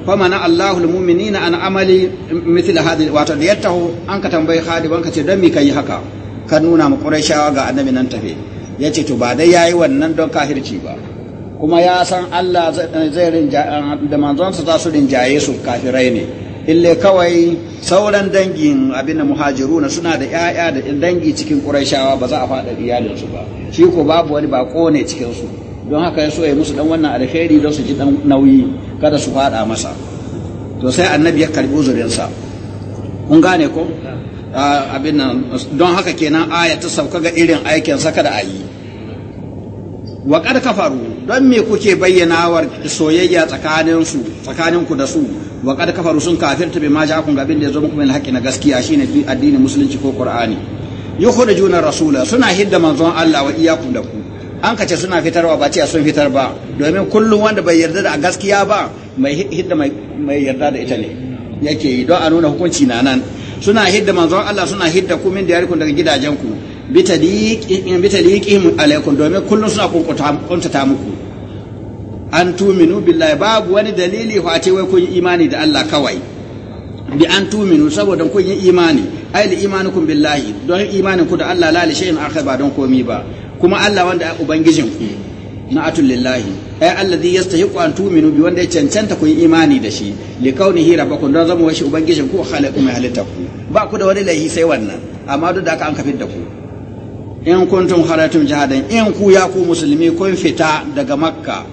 fa mana Allahul na an amali misil haɗin wato da yattahu an ka tambayi haɗin wanka ce don mi ka yi haka ka nuna ma Qurayshawa ga annabi nan tafe ya ce to ba dai ya yi wannan don kahirci ba kuma ya san Allah zai da manzonsa za su rinjaye su kafirai ne ille kawai sauran dangin abin da na suna da ‘ya'ya da dangi cikin ƙuraishawa ba za a faɗa iyalinsu ba shi ko babu wani baƙo ne cikinsu don haka ya so ya musu dan wannan alheri don su ji dan nauyi kada su faɗa masa to sai annabi ya karɓi uzurinsa kun gane ko ah, abin don haka kenan aya ta sauka ga irin aikin kada a yi wa kad kafaru don me kuke bayyanawar soyayya tsakanin su tsakanin ku da su wa kad kafaru sun kafirta bi ma ja'akum gabin da yazo muku min haqqi na gaskiya shine addini musulunci ko qur'ani juna rasula suna hidda manzon Allah wa iyyakum da ku an kace suna fitarwa ba ce sun fitar ba domin kullum wanda bai yarda da gaskiya ba mai hidda mai yarda da ita ne yake yi don a nuna hukunci na nan suna hidda manzon Allah suna hidda ku min da yarikun daga gidajen ku bita bitaliqihim alaikun domin kullum suna kuntata muku an tuminu billahi babu wani dalili face wai kun yi imani da Allah kawai bi an tuminu saboda kun yi imani ai li imanukum billahi don imanin ku da Allah la li shay'in akhar ba don komi ba kuma Allah wanda ubangijin ku atul lillahi ai alladhi yastahiqu an tu'minu bi wanda ya cancanta ku yi imani da shi li kaunihi rabbakum dan zama washi ubangijin ku khalaqu ma halitta ku ba ku da wani laihi sai wannan amma duk da aka an kafin da ku in kuntum halatun jihadan in ku ya ku musulmi kun fita daga makka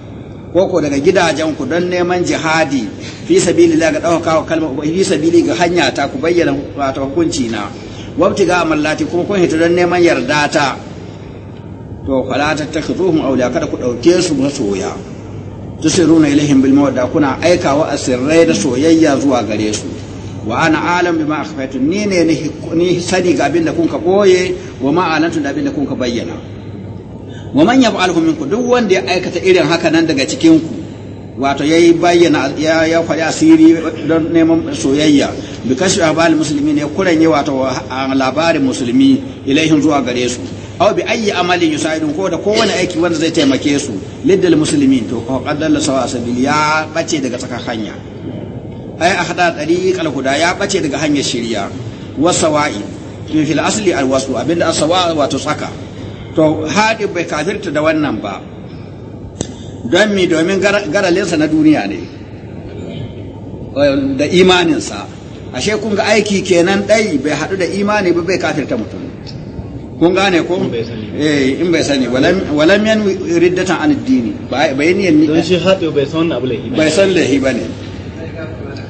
ko ko daga gidajen ku don neman jihadi fi sabili la ga dauka kalma fi sabili ga hanya ta ku bayyana wato hukunci na wabti ga mallati kuma kun hita don neman yarda ta to fala tattakhuzuhum awliya kada ku dauke su masoya tusiruna ilaihim bil mawadda kuna aikawa asirrai da soyayya zuwa gare su wa ana alam bima akhfaytum ni ne ni sani ga abin da kun ka boye wa ma alantu da abin da kun ka bayyana wa man yaf'alhu minkum duk wanda ya aikata irin haka nan daga cikin ku wato yayi bayyana ya ya faɗi asiri don neman soyayya bi kashfi abal muslimin ya kuranye wato labarin musulmi ilaihin zuwa gare su aw bi ayyi amalin yusaidun ko da kowane aiki wanda zai taimake su liddal muslimin to qadalla sawa sabil ya bace daga tsakar hanya ay a hada tariq al-huda ya bace daga hanyar shiriya wasawa'i to fil asli al-wasu abinda asawa wa tusaka to hadi bai kafirta da wannan ba don mi domin garalinsa na duniya ne da imaninsa ashe kun ga aiki kenan dai bai haɗu da imani ba bai kafirta mutum kun gane ko eh in bai sani walam yan riddatan an addini bai ne don shi haɗe bai san abu lahi bai san lahi bane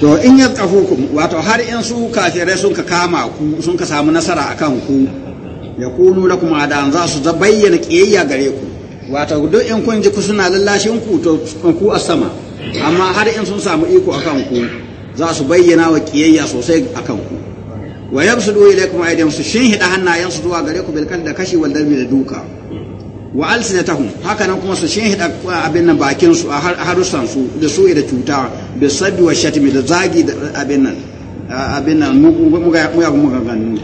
to in ya tsafukum wato har in su kafirai sun ka kama ku sun ka samu nasara a kan ku ya kunu na kuma da za su bayyana ƙiyayya gare ku wato duk in kun ji ku suna lallashin ku to ku a sama amma har in sun samu iko a kan ku za su bayyana wa ƙiyayya sosai a kan ku wa yabsudu ilaykum aydihim su shin hida hannayen zuwa gare ku bil da kashi wal darbi da duka wa alsinatahum haka nan kuma su shinhida uh, abin nan bakin su a harusan su da su da cuta da sabbi wa shatmi da zagi da abin nan abin nan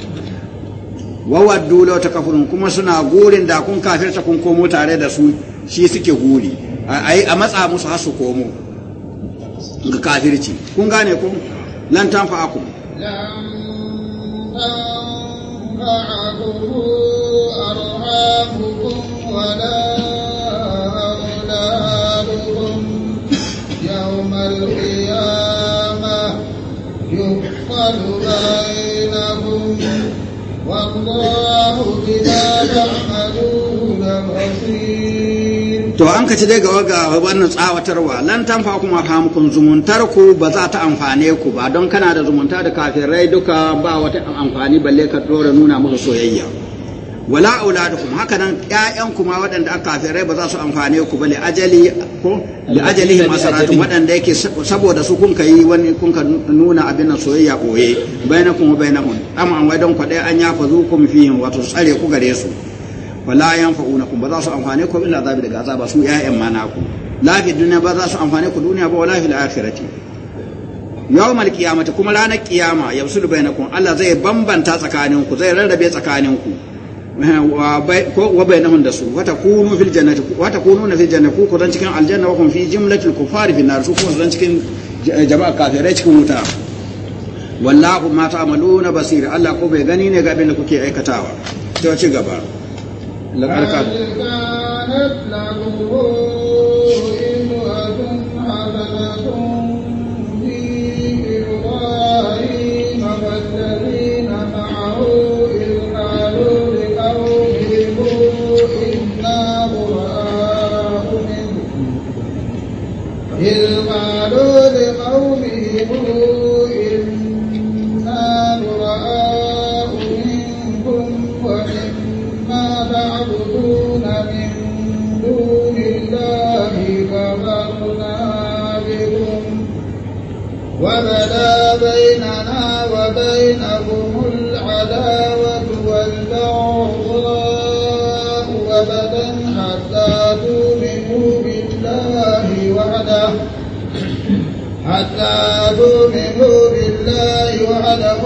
wa waddu law takafurun kuma suna gurin da kun kafirta kun komo tare da su shi suke guri ai a matsa musu har su komo ga kafirci kun gane ku lan tanfa'akum lan tanfa'akum to an kaci dai ga wannan tsawatarwa lan tanfa kuma hamkun zumuntar ku ba za ta amfane ku ba don kana da zumunta da kafirai duka ba wata amfani balle ka dora nuna musu soyayya wala auladukum haka nan ƴaƴan kuma waɗanda aka kafirai ba za su amfane ku ba li ajali ko li ajalihi masaratun waɗanda yake saboda su kun kai wani kun ka nuna abin nan soyayya kun bainakum wa bainahum amma an wadan ku dai an ya fazu zukum fihim wato tsare ku gare su wala yanfa'unakum ba za su amfane ku illa azabi daga azaba su ƴaƴan mana ku. lafi duniya ba za su amfane ku duniya ba wala fil akhirati yawmal qiyamati kuma ranar qiyama yabsul bainakum Allah zai bambanta tsakaninku zai rarrabe tsakaninku wa bainahum da su wata kunu fil jannati wata kunu na fil jannati ku kudan cikin aljanna wa kun fi jumlatil kufari fi nar su ku kudan cikin jama'a kafirai cikin wuta wallahu ma ta'maluna basir Allah ko bai gani ne ga abin da kuke aikatawa to ci gaba laqad حتى تؤمنوا بالله وحده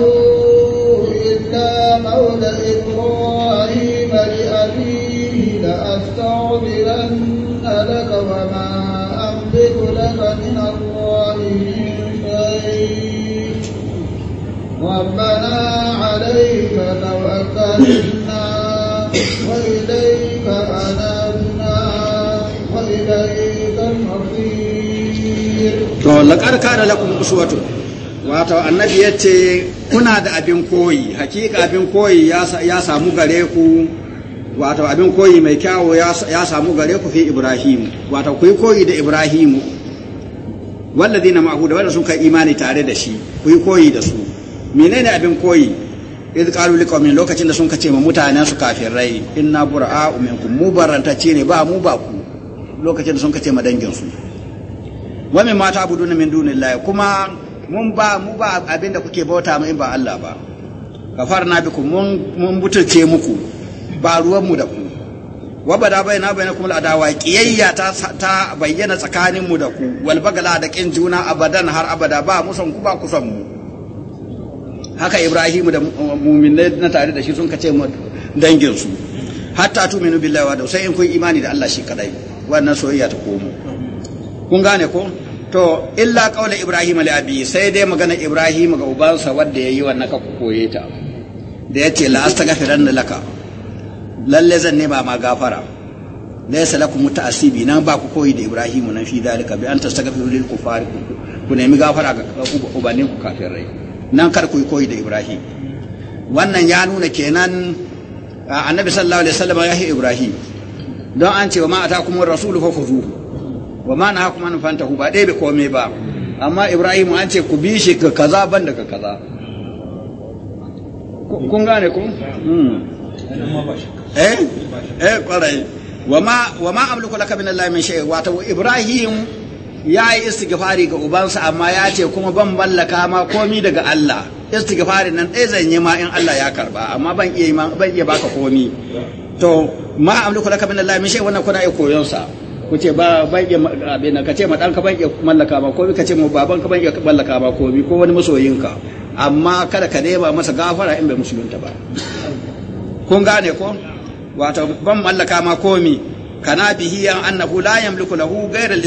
إلا قول إبراهيم لأبيه لأستغفرن لك وما أملك لك من الله من شيء ربنا عليك توكلنا laqad kana laƙun uswatu wato annabi ce kuna da abin koyi hakika abin koyi ya samu gare ku wato abin koyi mai kyawo ya samu gare ku fi ibrahim wato ku yi koyi da wallazi na ma'ahu da wanda sun kai imani tare da shi ku yi koyi da su menene abin koyi iz qalu liqaumin lokacin da sun kace ma mutanen su kafirai inna bura'a minkum mu ne ba mu ba ku lokacin da sun kace ma dangin su wa min ma ta'buduna min dunillahi kuma mun ba mu abin kuke bauta mu in ba Allah ba kafarna bikum mun mun butulce muku ba ruwan mu da ku wa bada bayna bainakum al'adawa qiyayya ta ta bayyana tsakanin mu da ku wal da kin juna abadan har abada ba mu son ku ba ku mu haka ibrahim da mu'minai na tare da shi sun kace mu dangin su hatta tuminu billahi wa sai in kun imani da Allah shi kadai wannan soyayya ta komo kun gane ko to illa kaula ibrahim ali abi sai dai magana ibrahim ga ubansa wanda yayi wannan ka koye ta da yace la astaghfiran laka lalle zan ne ba ma gafara laysa lakum ta'asibi nan ba ku koyi da ibrahim nan fi dalika bi an tastaghfiru lil kufari ku nemi gafara ga ubanin ku kafirai nan kar ku koyi da ibrahim wannan ya nuna kenan annabi sallallahu alaihi wasallam ya yi ibrahim don an ce wa ma atakumur rasulu fa khuzuhu wa ma na kuma nufanta ba ɗaya bai komai ba amma ibrahim an ce ku bi shi ka kaza ban daga kaza kun gane ku hmm. eh eh kwarai wa ma amliku laka min allahi min shay'in wato ibrahim ya yi istighfari ga ubansa amma ya ce kuma ban mallaka ma komi daga Allah istighfarin nan ɗaya zan yi ma in Allah ya karba amma ban iya ban iya baka komi to ma amliku laka min allahi min shay'in wannan kuna iya koyon sa ku ce ba ban iya abin ka ce ma dan ka ban iya mallaka ba komi ka ce ma baban ka ban iya mallaka ba komi ko wani masoyinka amma kada ka nema masa gafara in bai musulunta ba kun gane ko wato ban mallaka ma komi kana bihi an annahu la yamliku lahu ghayra al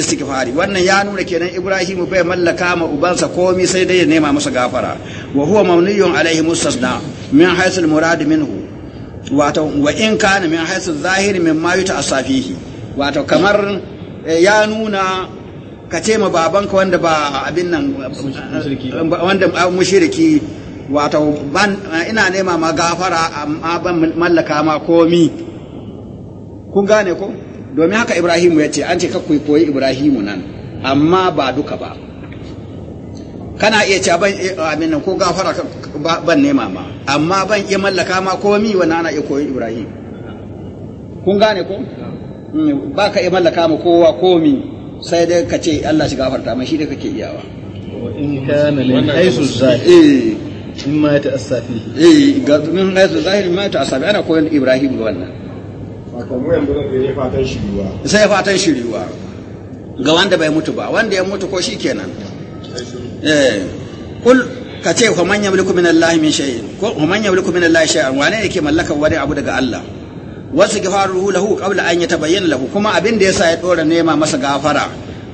wannan ya nuna kenan ibrahim bai mallaka ma ubansa komi sai dai ya nema masa gafara wa huwa mamniyun alaihi mustasna min haythu al-murad minhu wato wa in kana min haythu wato kamar eh, ya nuna ka ce ma babanka wanda ba abin nan eh, wanda ah, mushiriki wato eh, ina nema ma gafara amma ban mallaka ma komi kun gane ko domin haka ibrahimu ya ce an ce kakwai koyi ibrahimu nan amma ba duka ba kana iya ce ban abin nan ko gafara ban nema ma amma ban iya mallaka ma komi wani ana iya koyi ibrahim kun gane ko Mm, ba ka iya mallaka ma kowa komi sai dai ka ce Allah shi gafarta mai shi da kake iyawa in kana min haisu zahiri eh. in ma ta asafi eh ga min haisu zahiri ma ta asafi ana koyon Ibrahim ga wannan sai fatan shiriwa ga wanda bai mutu ba wanda ya mutu ko shi kenan eh kul ka ce wa man yamliku min Allah min shay'in ko wa man yamliku min Allah shay'an wane yake mallakar wani abu daga Allah wasu gifaruhu lahu kabla an tabayyana lahu kuma abin da yasa ya dora nema masa gafara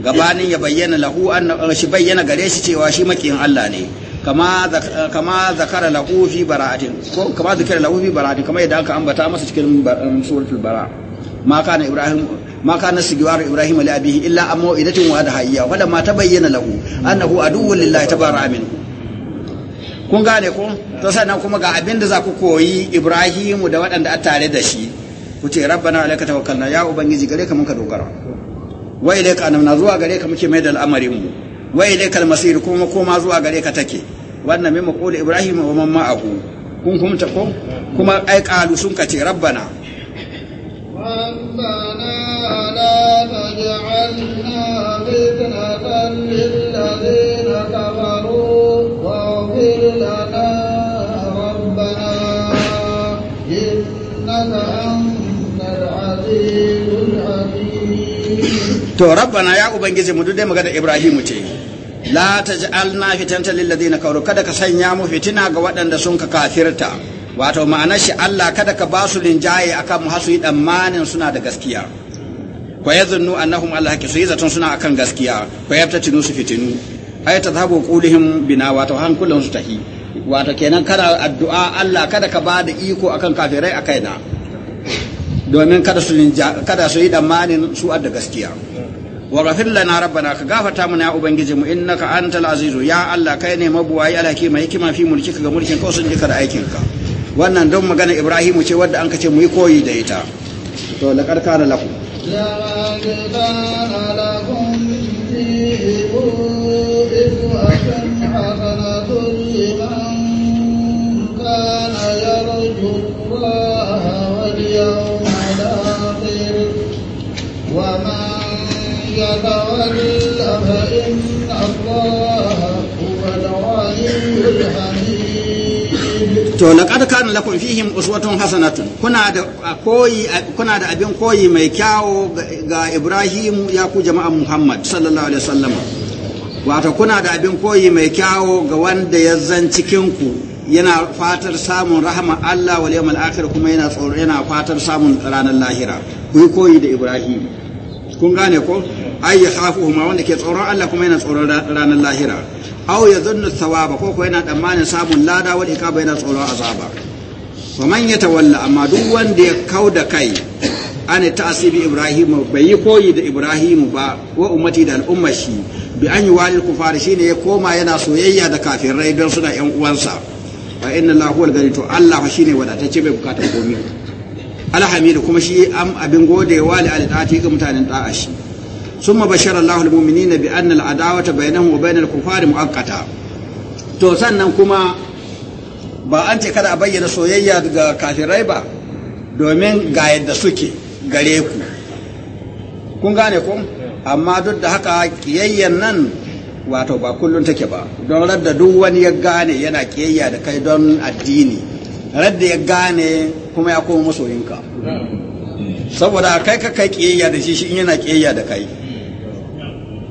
gabanin ya bayyana lahu an shi bayyana gare shi cewa shi makiyin Allah ne kama kama zakara lahu fi bara'atin ko kama zakara lahu fi bara'atin kama yadda aka ambata masa cikin um, suratul bara ma kana ibrahim ma kana sigiwaru ibrahim li abihi illa amma idatin wa da hayya wala ma tabayyana lahu annahu aduwwu lillahi tabara amin kun gane ko to sannan kuma ga abin da za ku koyi ibrahimu da waɗanda a tare da shi ku ce rabbana alaika tawakkalna ya ubangiji gare ka muka dogara wa ilaika anabna zuwa gare ka muke mai da al'amarin mu wa ilaika masir kuma koma zuwa gare ka take wannan mai maqul ibrahim wa man ma'ahu kun kumta ko kuma ai qalu sun kace rabbana ربنا لا to rabbana ya ubangiji mu dai magana ibrahim ce la taj'alna fitanta lil ladina kafaru kada ka sanya mu fitina ga waɗanda sun ka kafirta wato ma'ana shi Allah kada ka ba su linjaye akan mu hasu yi tsammanin suna da gaskiya wa yadhunnu annahum Allah haqqi su yi zaton suna akan gaskiya ta yaftatinu su fitinu ay tadhabu qulihim bina wato hankulan su tahi wato kenan kada addu'a Allah kada ka ba da iko akan kafirai a kaina domin kada su kada su yi damanin su da gaskiya wa ghafir lana rabbana ka gafarta mana ya ubangiji mu innaka antal azizu ya Allah kai ne mabuwayi alaki mai hikima fi ka ga mulkin ka sun jika da aikin ka wannan don magana Ibrahimu ce wadda an kace mu yi koyi da ita to laqad kana lakum وما لك عن الأمر إن الله to lakum fihim uswatun hasanatun kuna da koyi kuna da abin koyi mai kyawo ga Ibrahim ya ku jama'an Muhammad sallallahu alaihi wasallam wato kuna da abin koyi mai kyawo ga wanda ya zan cikin ku yana fatar samun rahama Allah wal yawmal akhir kuma yana tsoro yana fatar samun ranar lahira ku koyi da Ibrahim kun gane ko ay huma wanda ke tsoron Allah kuma yana tsoron ranar lahira aw yadhunnu thawaba ko ko yana tsammanin samun lada wal ikaba yana tsoron azaba fa man yatawalla amma duk wanda ya kauda kai ana ta'asibi ibrahim bai yi koyi da ibrahim ba wa ummati da al'ummar shi bi an yi walil kufar shine ya koma yana soyayya da kafirai don suna yan uwansa fa inna lahu wal gani to allah shine wadatacce bai bukata komai alhamdulillah kuma shi am abin godewa li al ga mutanen da'ashi shi ثم بشر الله المؤمنين بأن العداوة بينهم وبين الكفار مؤقتة to sannan kuma ba an ce kada a bayyana soyayya ga kafirai ba domin ga suke gare ku kun gane ku amma duk da haka kiyayyan nan wato ba kullum take ba don radda duk wani ya gane yana kiyayya da kai don addini radda ya gane kuma ya koma masoyinka saboda kai ka kai kiyayya da shi shi yana kiyayya da kai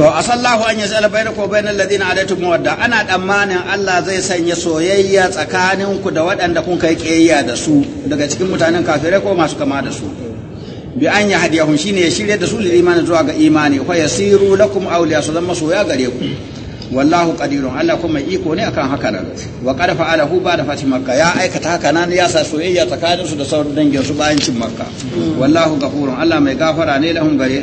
to a sallahu an yasa bainakum ko bainal ladina adaitum muwadda ana tsammanin Allah zai sanya soyayya tsakanin ku da waɗanda kun kai kiyayya da su daga cikin mutanen kafirai ko masu kama da su bi an ya hadiyahun shine ya shirye da su lil imani zuwa ga imani fa yasiru lakum awliya su zama soya gare ku wallahu qadirun Allah kuma mai iko ne akan haka nan wa qad fa'alahu ba'da fati makka ya aikata haka nan ya sa soyayya tsakanin su da sauran dangin su bayan cin makka wallahu ghafurun Allah mai gafara ne lahum gare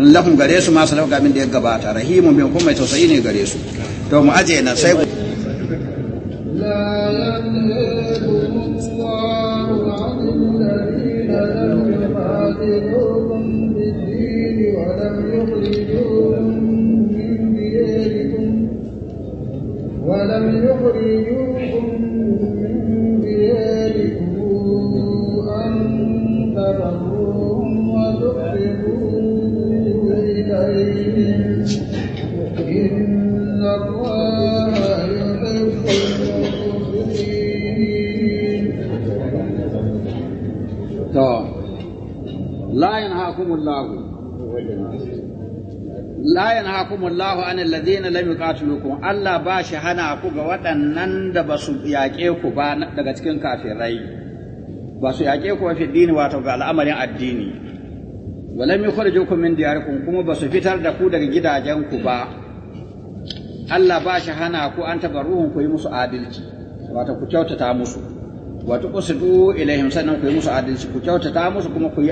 lahum gare su masu lauka min da ya gabata rahimun bin kuma mai tausayi ne gare su to mu aje nan sai أولم يخرجوكم من دياركم أن تبروهم وتقسطوا إليهم إن الله يحب المقسطين طَيب. لا ينهاكم الله la yanhakumullahu anil na lam yuqatilukum Allah ba shi hana ku ga waɗannan da ba su yaƙe ku ba daga cikin kafirai ba su yaƙe ku ba fi dini wato ga al'amarin addini wa walam yukhrijukum min diyarikum kuma ba su fitar da ku daga gidajen ku ba Allah ba shi hana ku an tabarruhun ku yi musu adalci wato ku kyautata musu wato usudu ilaihim sannan ku yi musu adalci ku kyautata musu kuma ku yi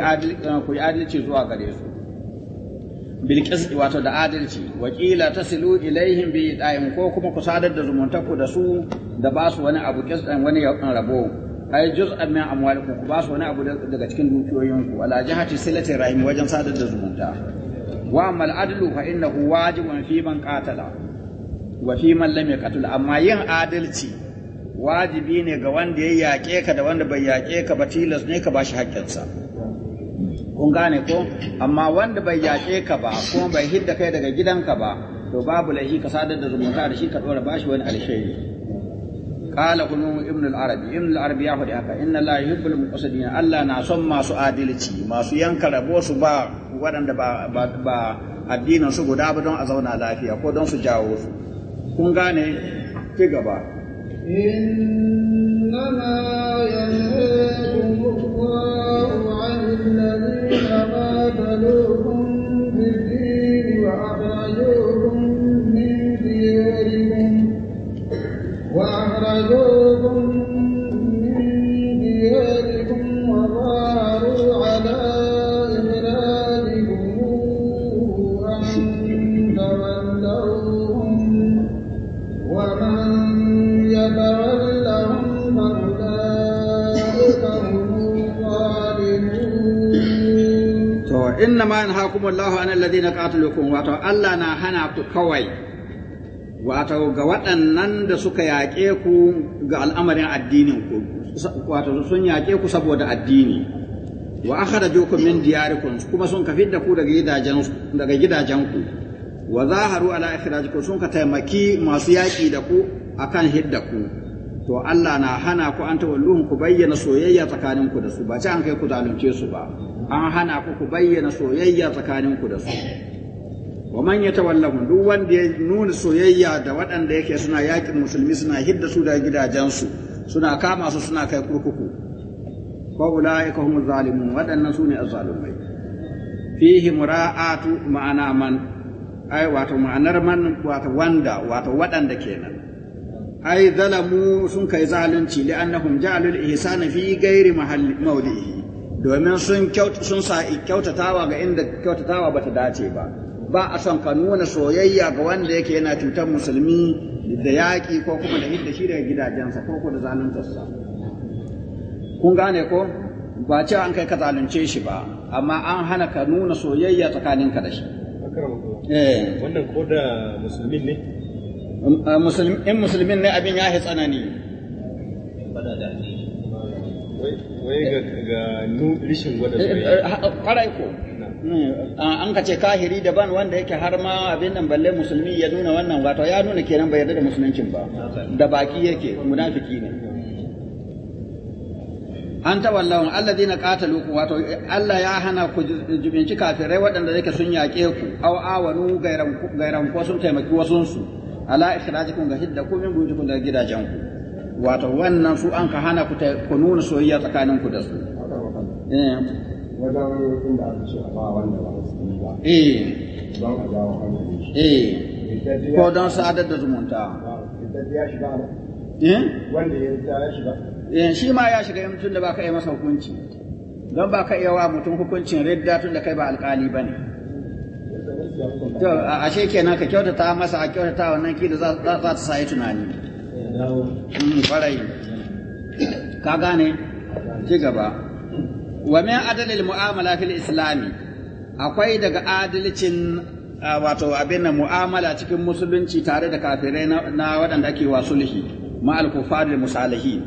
adalci zuwa gare su bilkis wato da adalci wakila tasilu ilaihim bi da'im ko kuma ku sadar da zumuntaku da su da ba su wani abu dan wani yawan rabo ai juz'an min amwalikum ku ba su wani abu daga cikin dukiyoyinku ala jihati silati rahim wajen sadar da zumunta wa amal adlu fa innahu wajibun fi man qatala wa fi man lam yaqtul amma yin adalci wajibi ne ga wanda ya yaƙe ka da wanda bai yaƙe ka ba tilas ne ka bashi haƙƙinsa kun gane ko amma wanda bai yace ka ba kuma bai hidda kai daga gidanka ba to babu laifi ka sadar da zumunta da shi ka dora bashi wani alheri qala kunu ibn al-arabi ibn al-arabi ya faɗi haka inna la yuhibbul muqsitin Allah na son masu adalci masu yanka rabo su ba waɗanda ba ba addinin su guda ba don a zauna lafiya ko don su jawo su kun gane ci gaba إنما الله إنما بلوكم بالدين وأخرجوكم من دياركم وأخرجوكم inna ma Allahu anil ladina qatalukum wato Allah na hana ku kawai wato ga waɗannan da suka yaƙe ku ga al'amarin addinin ku wato sun yaƙe ku saboda addini wa jukum min diyarikum kuma sun kafi da ku daga gidajen daga gidajen ku wa zaharu ala ikhrajikum sun ka taimaki masu yaƙi da ku akan hidda ku to Allah na hana ku an tawalluhum ku bayyana soyayya tsakaninku da su ba ci an kai ku zalunce su ba an hana ku ku bayyana soyayya tsakaninku da su wa man yatawallahu duk wanda ya nuna soyayya da waɗanda yake suna yakin musulmi suna hidda su da gidajensu suna kama su suna kai kurkuku fa ulaika humuz zalimun waɗannan ne azzalumai fihi mura'atu ma'ana man ai wato ma'anar man wato wanda wato waɗanda kenan ai zalamu sun kai zalunci annahum ja'alul ihsana fi ghairi mahalli domin sun kyautatawa ga inda kyautatawa bata dace ba ba a son ka nuna soyayya ga wanda yake yana cutar musulmi da yaƙi ko kuma da hidda shi daga gidajensa ko kuma da zaluntarsa kun gane ko ba ce an kai ka zalunce shi ba amma an hana ka nuna soyayya tsakaninka da shi eh. wannan ko da musulmin ne eh, in musulmin ne abin ya tsanani wai ga rishin gwada eh, eh, ko ah, an ka ce kahiri daban wanda yake har ma abin nan balle musulmi ya nuna wannan wato ya nuna kenan bai yarda da musuluncin ba da baki yake munafiki ne an ta wallawan qatalu ku wato Allah ya hana ku jibinci kafirai waɗanda yake sun yaƙe ku aw awanu gairan gairan ko sun taimaki wasunsu ala ikhrajikum ga hidda ku min buyutikum da gidajenku wato wannan su an ka hana ku ta ku nuna soyayya tsakanin ku da su eh wajen inda aka ce ba wanda ba su ba eh don a jawo hankali eh ko don sadar da zumunta ya shiga eh wanda ya shiga eh shi ma ya shiga mutum tun da baka yi masa hukunci don ba ka iya wa mutum hukuncin ridda tun da kai ba alkali ba ne. To, ashe kenan ka kyautata masa a kyautata wannan kila za ta sa yi tunani. Mm, kwarai ka gane mu'amala fil islami akwai daga adalcin wato abin mu'amala cikin musulunci tare da kafirai na waɗanda ake wa sulhi ma'al kufar da musalihin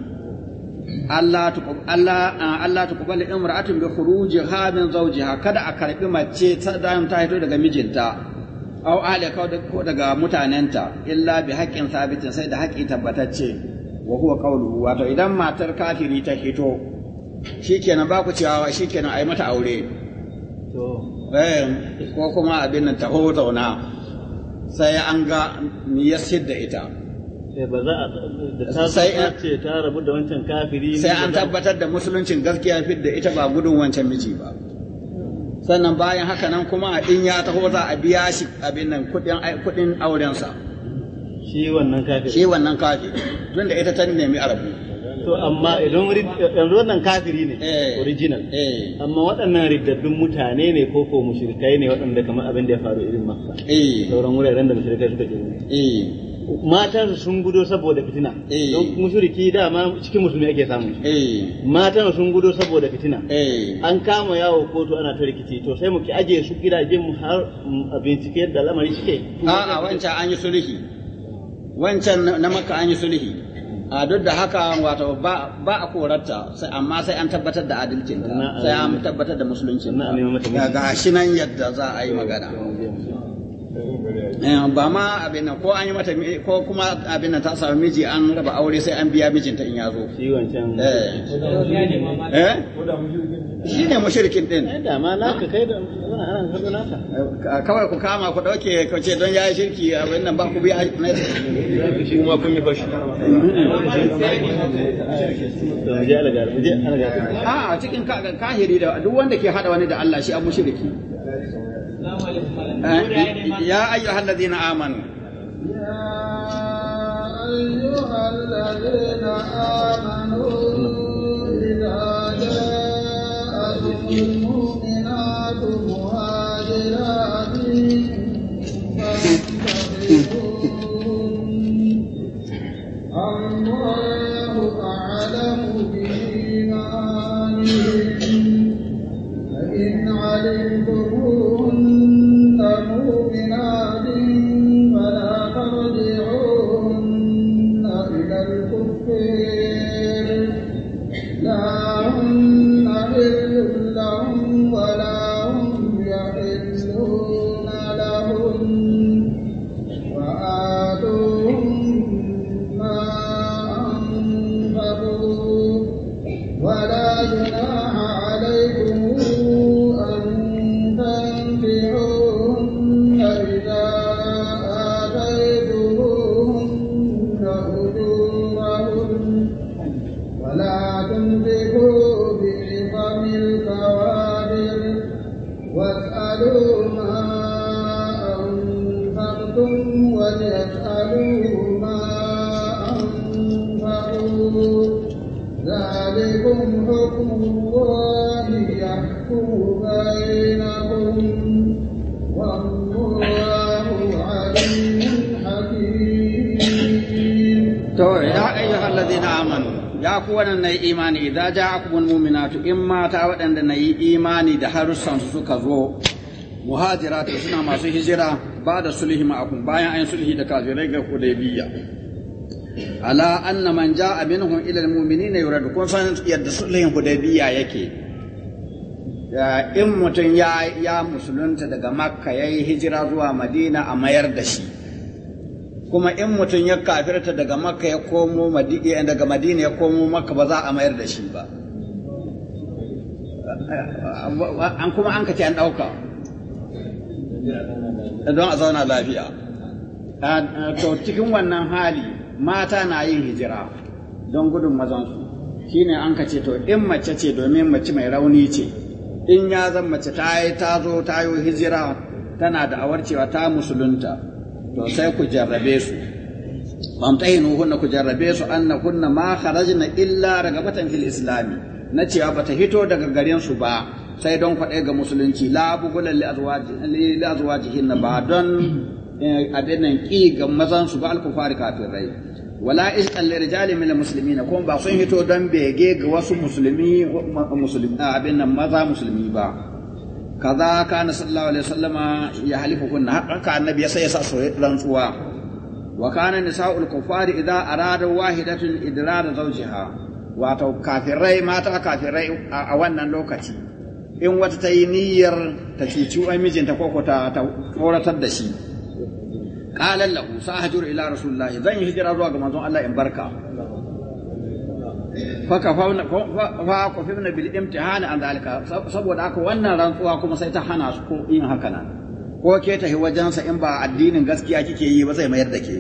Allah ta kubali imra'atun bi khurujiha min zawjiha kada a karbi mace ta dan ta hito daga mijinta aw ahli ko daga mutanenta illa bi haqqin sabitin sai da haƙƙi tabbatacce wa huwa qawluhu wato idan matar kafiri ta hito shikenan ba ku cewa shikenan ai mata aure to eh ko kuma abin nan ta zauna sai an ga ni ya sidda ita eh, ba za a sai ce ta rabu da wancan kafiri sai an tabbatar da musuluncin gaskiya fit da ita ba gudun wancan miji ba sannan bayan haka nan kuma ɗin ya taho za a biya shi abin nan kuɗin aurensa shi wannan kafiri shi wannan kafiri tunda ita ta nemi arabu to amma idan yanzu wannan kafiri ne eh. original eh. amma waɗannan riddaddun mutane ne ko ko mushrikai ne waɗanda kamar abin da ya faru irin makka eh. sauran wuraren da mushrikai suka je eh matan sun gudo saboda fitina eh. don mushriki dama cikin musulmi ake samu eh. matan sun gudo saboda fitina eh. an kama yawo kotu ana ta rikici to sai mu ki aje su gidajen mu har bincike da lamari suke a wancan an yi sulhi wancan na maka an yi sulhi a duk da haka wato ba a korarta amma sai an tabbatar da adalcin sai an tabbatar da musulunci ga shi nan yadda za a yi magana ba ma abin nan ko an yi mata ko kuma abin nan ta samu miji an raba aure sai an biya mijinta in ya zo shi wancan eh shi ne mushrikin din da ma naka kai da kawai ku kama ku dauke ku ce don yayi shirki abin nan ba ku biya shi kuma kun yi fashi a cikin kahiri da duk wanda ke hada wani da Allah shi abu shirki. يا أيها الذين آمنوا يا أيها الذين آمنوا idza ja'akumul mu'minatu in mata waɗanda na yi imani da harussan su suka zo muhajiratu suna masu hijira ba da sulhi ma'akum bayan an sulhi da kafirai ga Hudaybiyya ala anna man ja'a minhum ila almu'minina yuradu kun san yadda sulhin Hudaybiyya yake in mutum ya musulunta daga makka yayi hijira zuwa madina a mayar da shi kuma in mutum ya kafirta daga makka ya komo eh, daga madina ya komo makka ba za a mayar da shi ba an kuma an kace an ɗauka don a zauna lafiya ah, ah, to cikin wannan hali mata na yin hijira don gudun mazansu ne an kace to in mace ce domin mace mai rauni ce in ya zan mace ta yi ta zo ta yi hijira tana da awarcewa ta musulunta to sai ku jarrabe su famtahinu hunna ku jarrabe su anna kunna ma kharajna illa ragabatan fil islami na cewa bata hito daga garinsu su ba sai don kwaɗe ga musulunci la bugulan li hinna ba don eh, abin nan ga mazan su ba alkufari kafirai wala isqal lirijali min almuslimina kuma ba sun hito don bege ga wasu musulmi abin nan maza musulmi ba kaza kana sallallahu alaihi wasallama ya halifu kunna haka annabi ya sai ya sa rantsuwa wa kana nisa'ul kuffari idza arada wahidatul idrar zawjiha wato kafirai mata kafirai a wannan lokaci in wata ta yi niyyar ta cuci wani mijinta ko ko ta tsoratar da shi qalan lahu sahajur ila rasulillah zan yi hijira zuwa ga manzon Allah in barka fakafafna fa kufifna bil imtihan an zalika saboda haka wannan rantsuwa kuma sai ta hana su ko yin haka nan ko ke tafi wajensa in ba addinin gaskiya kike yi ba sai mayar da ke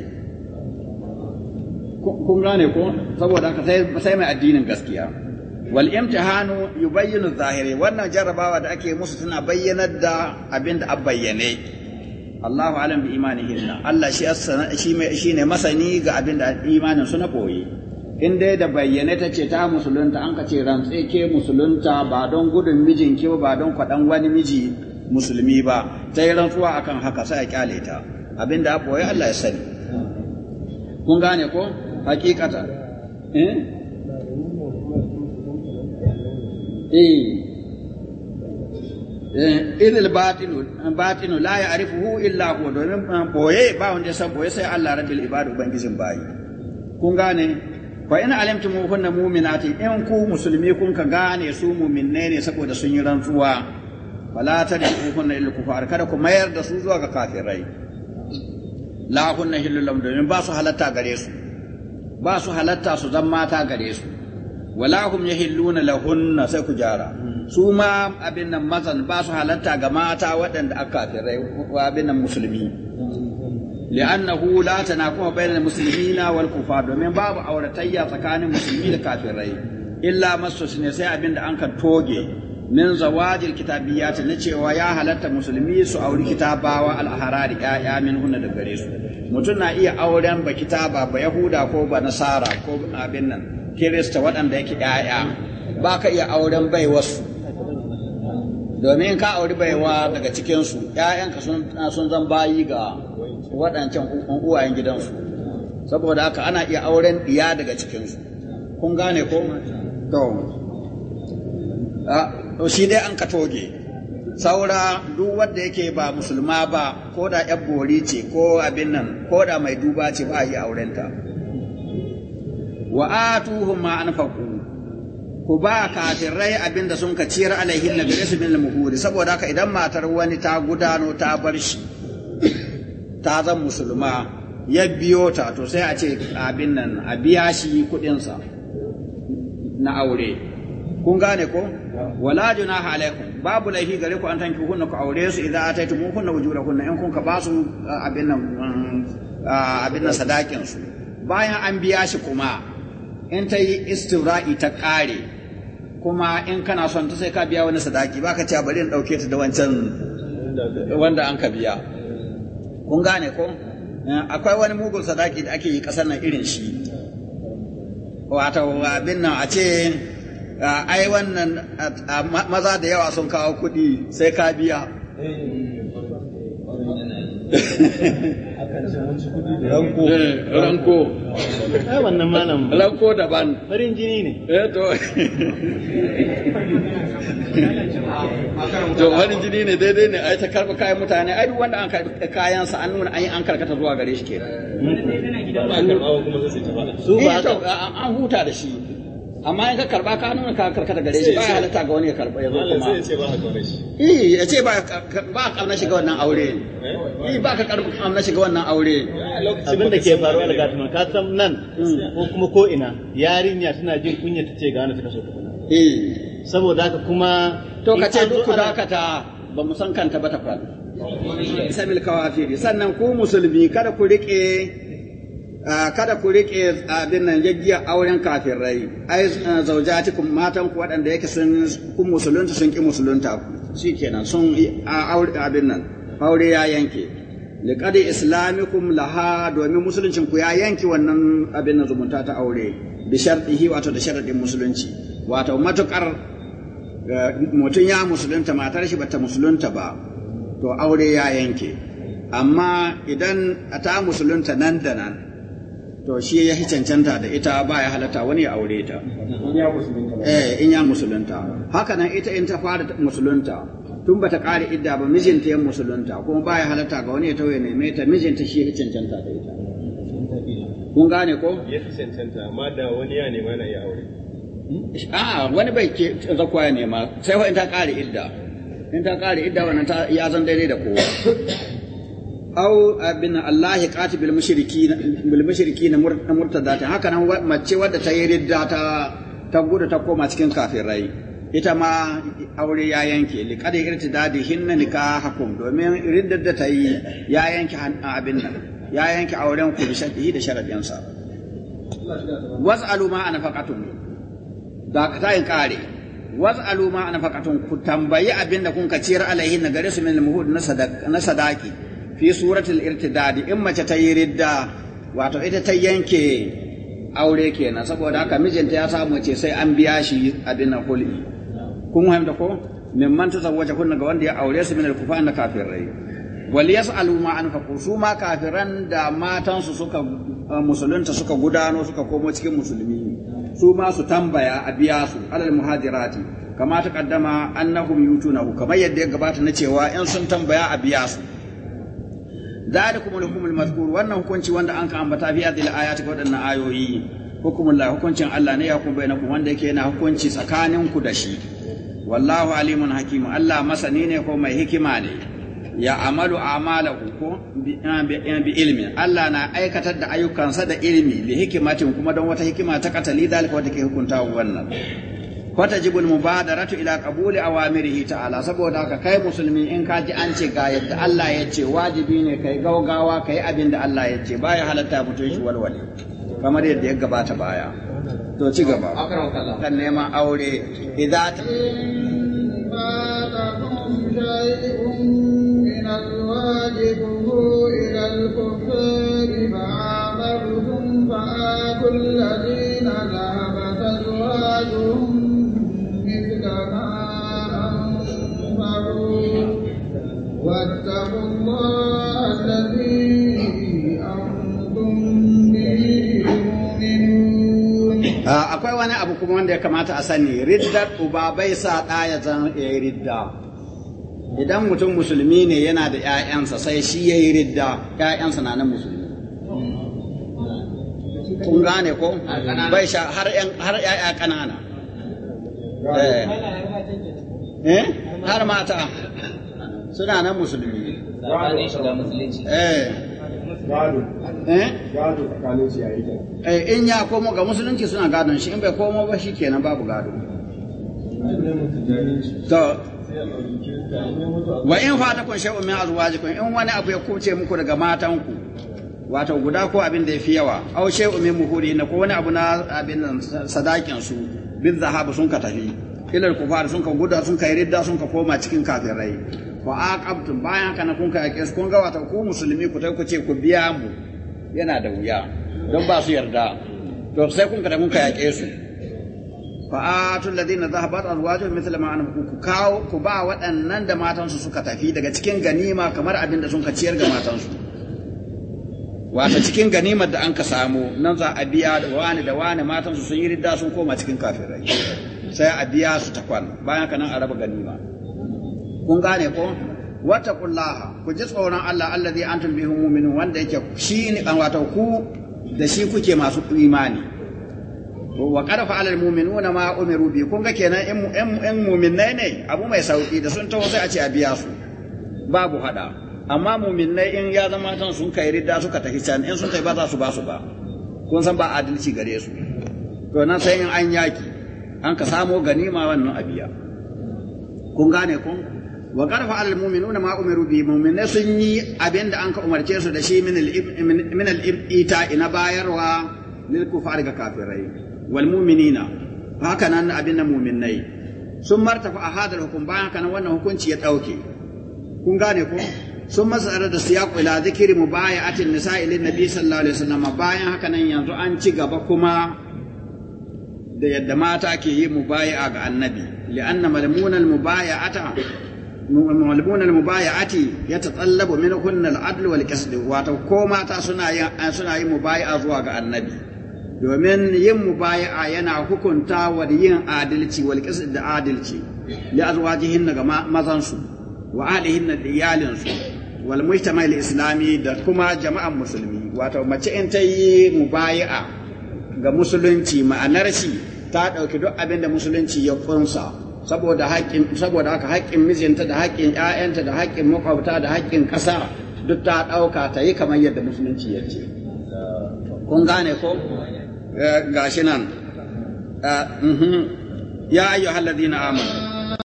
kun gane ko saboda haka sai mai addinin gaskiya wal imtihanu yubayyinu zahiri wannan jarrabawa da ake musu tana bayyanar da abin da an bayyane Allahu alam bi imanihinna Allah shi shi ne masani ga abin da imanin na boye in dai da bayyane ta ce ta musulunta an ka ce rantse ke musulunta ba don gudun mijin ke ba don kwaɗan wani miji musulmi ba ta yi rantsuwa a kan haka sai a kyale ta abin da aka Allah ya sani kun gane ko hakikata eh, eh. eh idil batinu ya arifu hu illa ku domin ah, boye ba wanda ya san boye sai Allah rabbil ibadu ubangijin bayi kun gane fa in alimtum hunna mu'minati in ku musulmi kun ka gane su mu'minne ne saboda sun yi rantsuwa wala tad'u hunna ila kufar kada ku mayar da su zuwa ga kafirai la hunna hilu lam domin ba su halatta gare su ba su halatta su zan mata gare su wala hum yahilluna lahunna sai ku jara su ma abin nan mazan ba su halatta ga mata waɗanda aka kafirai abin nan musulmi li'annahu la tanaquha bainal muslimina wal kufar domin babu auratayya tsakanin musulmi da kafirai illa masus ne sai abin da an ka toge min zawajil kitabiyat na cewa ya halatta musulmi su auri kitabawa al-ahrar ya'ya min hunna da gare su mutum na iya auren ba kitaba yahuda ko ba nasara ko abin nan kirista waɗanda yake ya'ya ba ka iya auren baiwarsu domin ka auri baiwa daga cikinsu ‘ya'yanka sun zan bayi ga waɗancan uwayen gidansu saboda haka ana iya auren ɗiya daga cikinsu kun gane ko ah, to shi dai an ka toge saura duk wanda yake ba musulma ba ko da yan bori ce ko abin nan ko da mai duba ce ba a yi aurenta wa atuhum ma anfaqu ku ba kafirai abin da sun ka ciyar alaihin na gare su min saboda haka idan matar wani ta gudano ta bar shi ta zan musulma ya biyo ta to sai a ce abin nan a biya shi kuɗinsa na aure kun gane ko wala juna alaikum babu laifi gare ku an tanki hunna ku aure su idan taitu mu hunna wujura kunna in kun ka ba su abin nan abin nan sadakin su bayan an biya shi kuma in ta yi istira'i ta kare kuma in kana son ta sai ka biya wani sadaki baka cewa bari in dauke ta da wancan wanda an ka biya kun gane ko akwai wani mugun sadaki da ake yi kasar nan irin shi wato abin nan a ce ai wannan maza da yawa sun kawo kuɗi sai ka biya ranko eh, ranko ai wannan malam ranko daban farin jini ne eh to to farin jini ne daidai ne ai ta karba kayan mutane ai duk wanda an karbi kayan sa an nuna an karkata zuwa gare shi kenan su ba eh, an huta da shi amma in ka karba ka nuna ka karkata gare shi ba ya ta ga wani ya karba ya zo kuma ya ce ba ka kaune shi eh ya ce ba ba ka kauna shi ga wannan aure eh ba ka kauna shi ga wannan aure abin da ke faruwa da tuma ka san nan hmm. ko kuma ko ina yarinya tana jin kunya ta ce ga wani ta kaso eh saboda haka kuma to ka ce duk dakata ba mu san kanta ba ta faru sabil kawafiri sannan ku musulmi kada ku rike Ah, kada ku riƙe ah, abin nan yaggiya auren kafirai ai ah, zaujatikum matan ku waɗanda yake sun ku musulunta sun ki musulunta kenan sun abin nan aure ya yanke liqadi islamikum laha domin musuluncin ku ya yanke wannan abin nan zumunta ta aure bi shartihi wato da sharadin musulunci wato matukar mutum ya musulunta matar shi bata musulunta ba to aure ya yanke amma idan ta musulunta nan da nan to shi ya cancanta da ita ba ya halatta wani ya aure ta eh in ya musulunta haka nan ita in ta fara musulunta tun bata ƙari idda ba mijinta ya musulunta kuma ba ya halatta ga wani ya tauye mai ta mijinta shi ya yi cancanta da ita kun gane ko ya cancanta amma da wani ya nema na ya aure hmm? a ah, wani bai ke zakuwa ya nema sai wa in ta ƙari idda in ta ƙare idda wannan ta ya zan daidai da kowa au abin Allah ya kati bil mushriki na murtada ta haka nan mace wadda ta yi ridda ta ta gudu ta koma cikin kafirai ita ma aure ya yanke li kada irtidadi hinna nikahakum domin riddar da ta yi ya yanke abin nan ya yanke auren ku bi da sharadin sa was'alu ma anfaqatum da ka tayin kare was'alu ma anfaqatum ku tambayi abin da kun ka ciyar alaihin na gare su min muhud na sadaki fi suratul irtidadi in mace ta yi ridda wato ita ta yanke aure kenan saboda haka mijinta ya samu ce sai an biya shi abin na kulli kun fahimta ko min man tazawwaja kunna ga wanda ya aure su min alkufa na kafirai wal yas'alu ma an su ma kafiran da matan su suka eh, musulunta suka gudano suka komo cikin musulmi su ma su tambaya a biya su alal muhajirati kama ta kaddama annahum yutunahu kamar yadda ya gabata na cewa in sun tambaya a biya su ذلكم الحكم المذكور وان hukunci wanda an ka ambata fi hadhihi al-ayati ga wadannan ayoyi hukumun hukuncin Allah ne ya kuma bainakum wanda yake yana hukunci tsakanin ku da shi wallahu alimun hakim Allah masani ne ko mai hikima ne ya amalu amalahu ko bi ilmi Allah na aikatar da ayyukansa da ilmi li hikimatin kuma don wata hikima ta katali dalika wata ke hukunta wannan fatajibul mubadaratu ila qabuli awamirihi ta'ala saboda ka kai musulmi in ka ji an ga yadda Allah ya ce wajibi ne kai gaugawa kai abin da Allah ya ce baya halatta mutum shi walwale kamar yadda ya gabata baya to ci gaba kan neman aure idza ta فآتوا الذين نهوا Ah, akwai wani abu kuma wanda ya kamata a sani riddar uba bai sa ɗa ya zan ya yi ridda idan mutum musulmi ne yana da ‘ya'yansa sai shi ya yi ridda ‘ya'yansa na nan musulmi kun gane ko bai sha har ‘ya'ya ƙanana Eh? eh har mata suna nan musulmi eh. Eh? eh in ya komo ga musulunci suna gadon shi in bai komo ba shi kenan babu gado wa in fata kun shay'un min kun in wani abu ya kuce muku daga matanku wato guda ko abin da ya fi yawa au shay'un min muhuri na ko wani abu na abin sadakin su bin zahabu sun ka tafi ilar kufar sun ka guda sun ka ridda sun ka koma cikin kafirai fa aqabtum bayan kana kun ka yake kun ga wata ku musulmi ku tai ku ce ku biya mu yana da wuya don ba su yarda to sai kun ka da kun ka yake su fa atul ladina zahabat azwajuhum mithla ma an ku kawo ku ba waɗannan da matansu suka tafi daga cikin ganima kamar abin da sun ka ciyar ga matansu wato cikin ganimar da an ka samu nan za a biya da wani da wani matan su sun yi ridda sun koma cikin kafirai sai a biya su ta kwan bayan ka nan a raba ganima kun gane ko wata kullaha ku ji tsoron Allah allazi antum bihi mu'minun wanda yake shi ne wato ku da shi kuke masu imani wa qarafa alal mu'minuna ma umiru bi kun ga kenan in mu'minai ne abu mai sauki da sun taho sai a ce a biya su babu hada amma muminai in ya zama can sun kai ridda suka tafi can in sun kai ba za su ba su ba kun san ba adalci gare su to nan sai in an yaki an ka samo ganima wannan abiya kun gane kun wa qarfa al mu'minuna ma umiru bi mu'minai sun yi abin da an ka umarce su da shi min al min al ita ina bayarwa lil kufar ga kafirai wal mu'minina haka nan abin da mu'minai sun martafa a hadar hukum bayan kana wannan hukunci ya dauke kun gane kun sun masara da siyaq ila zikri mubayatin nisa'i lin nabi sallallahu alaihi wasallam bayan haka nan yanzu an ci gaba kuma da yadda mata ke yi mubaya'a ga annabi li'anna malmunal mubaya'ata malmunal mubaya'ati yatatallabu minhunna al-adl wal qasd wato ko mata suna yin suna yin mubaya'a zuwa ga annabi domin yin mu mubaya'a yana hukunta wa yin adalci wal qasd da adalci li azwajihinna ga mazan su, wa ahlihinna da iyalin su. wal islami da kuma jama'an musulmi wato mace in ta yi mubayi'a ga musulunci ma'anar shi ta dauki duk abin da musulunci ya kunsa saboda haƙƙin saboda haka haƙƙin mijinta da haƙƙin ƴaƴanta da haƙƙin makwabta da haƙƙin ƙasa duk ta ɗauka ta yi kamar yadda musulunci ya ce kun gane ko eh, gashi nan eh, mhm. ya ayyuhal ladina amanu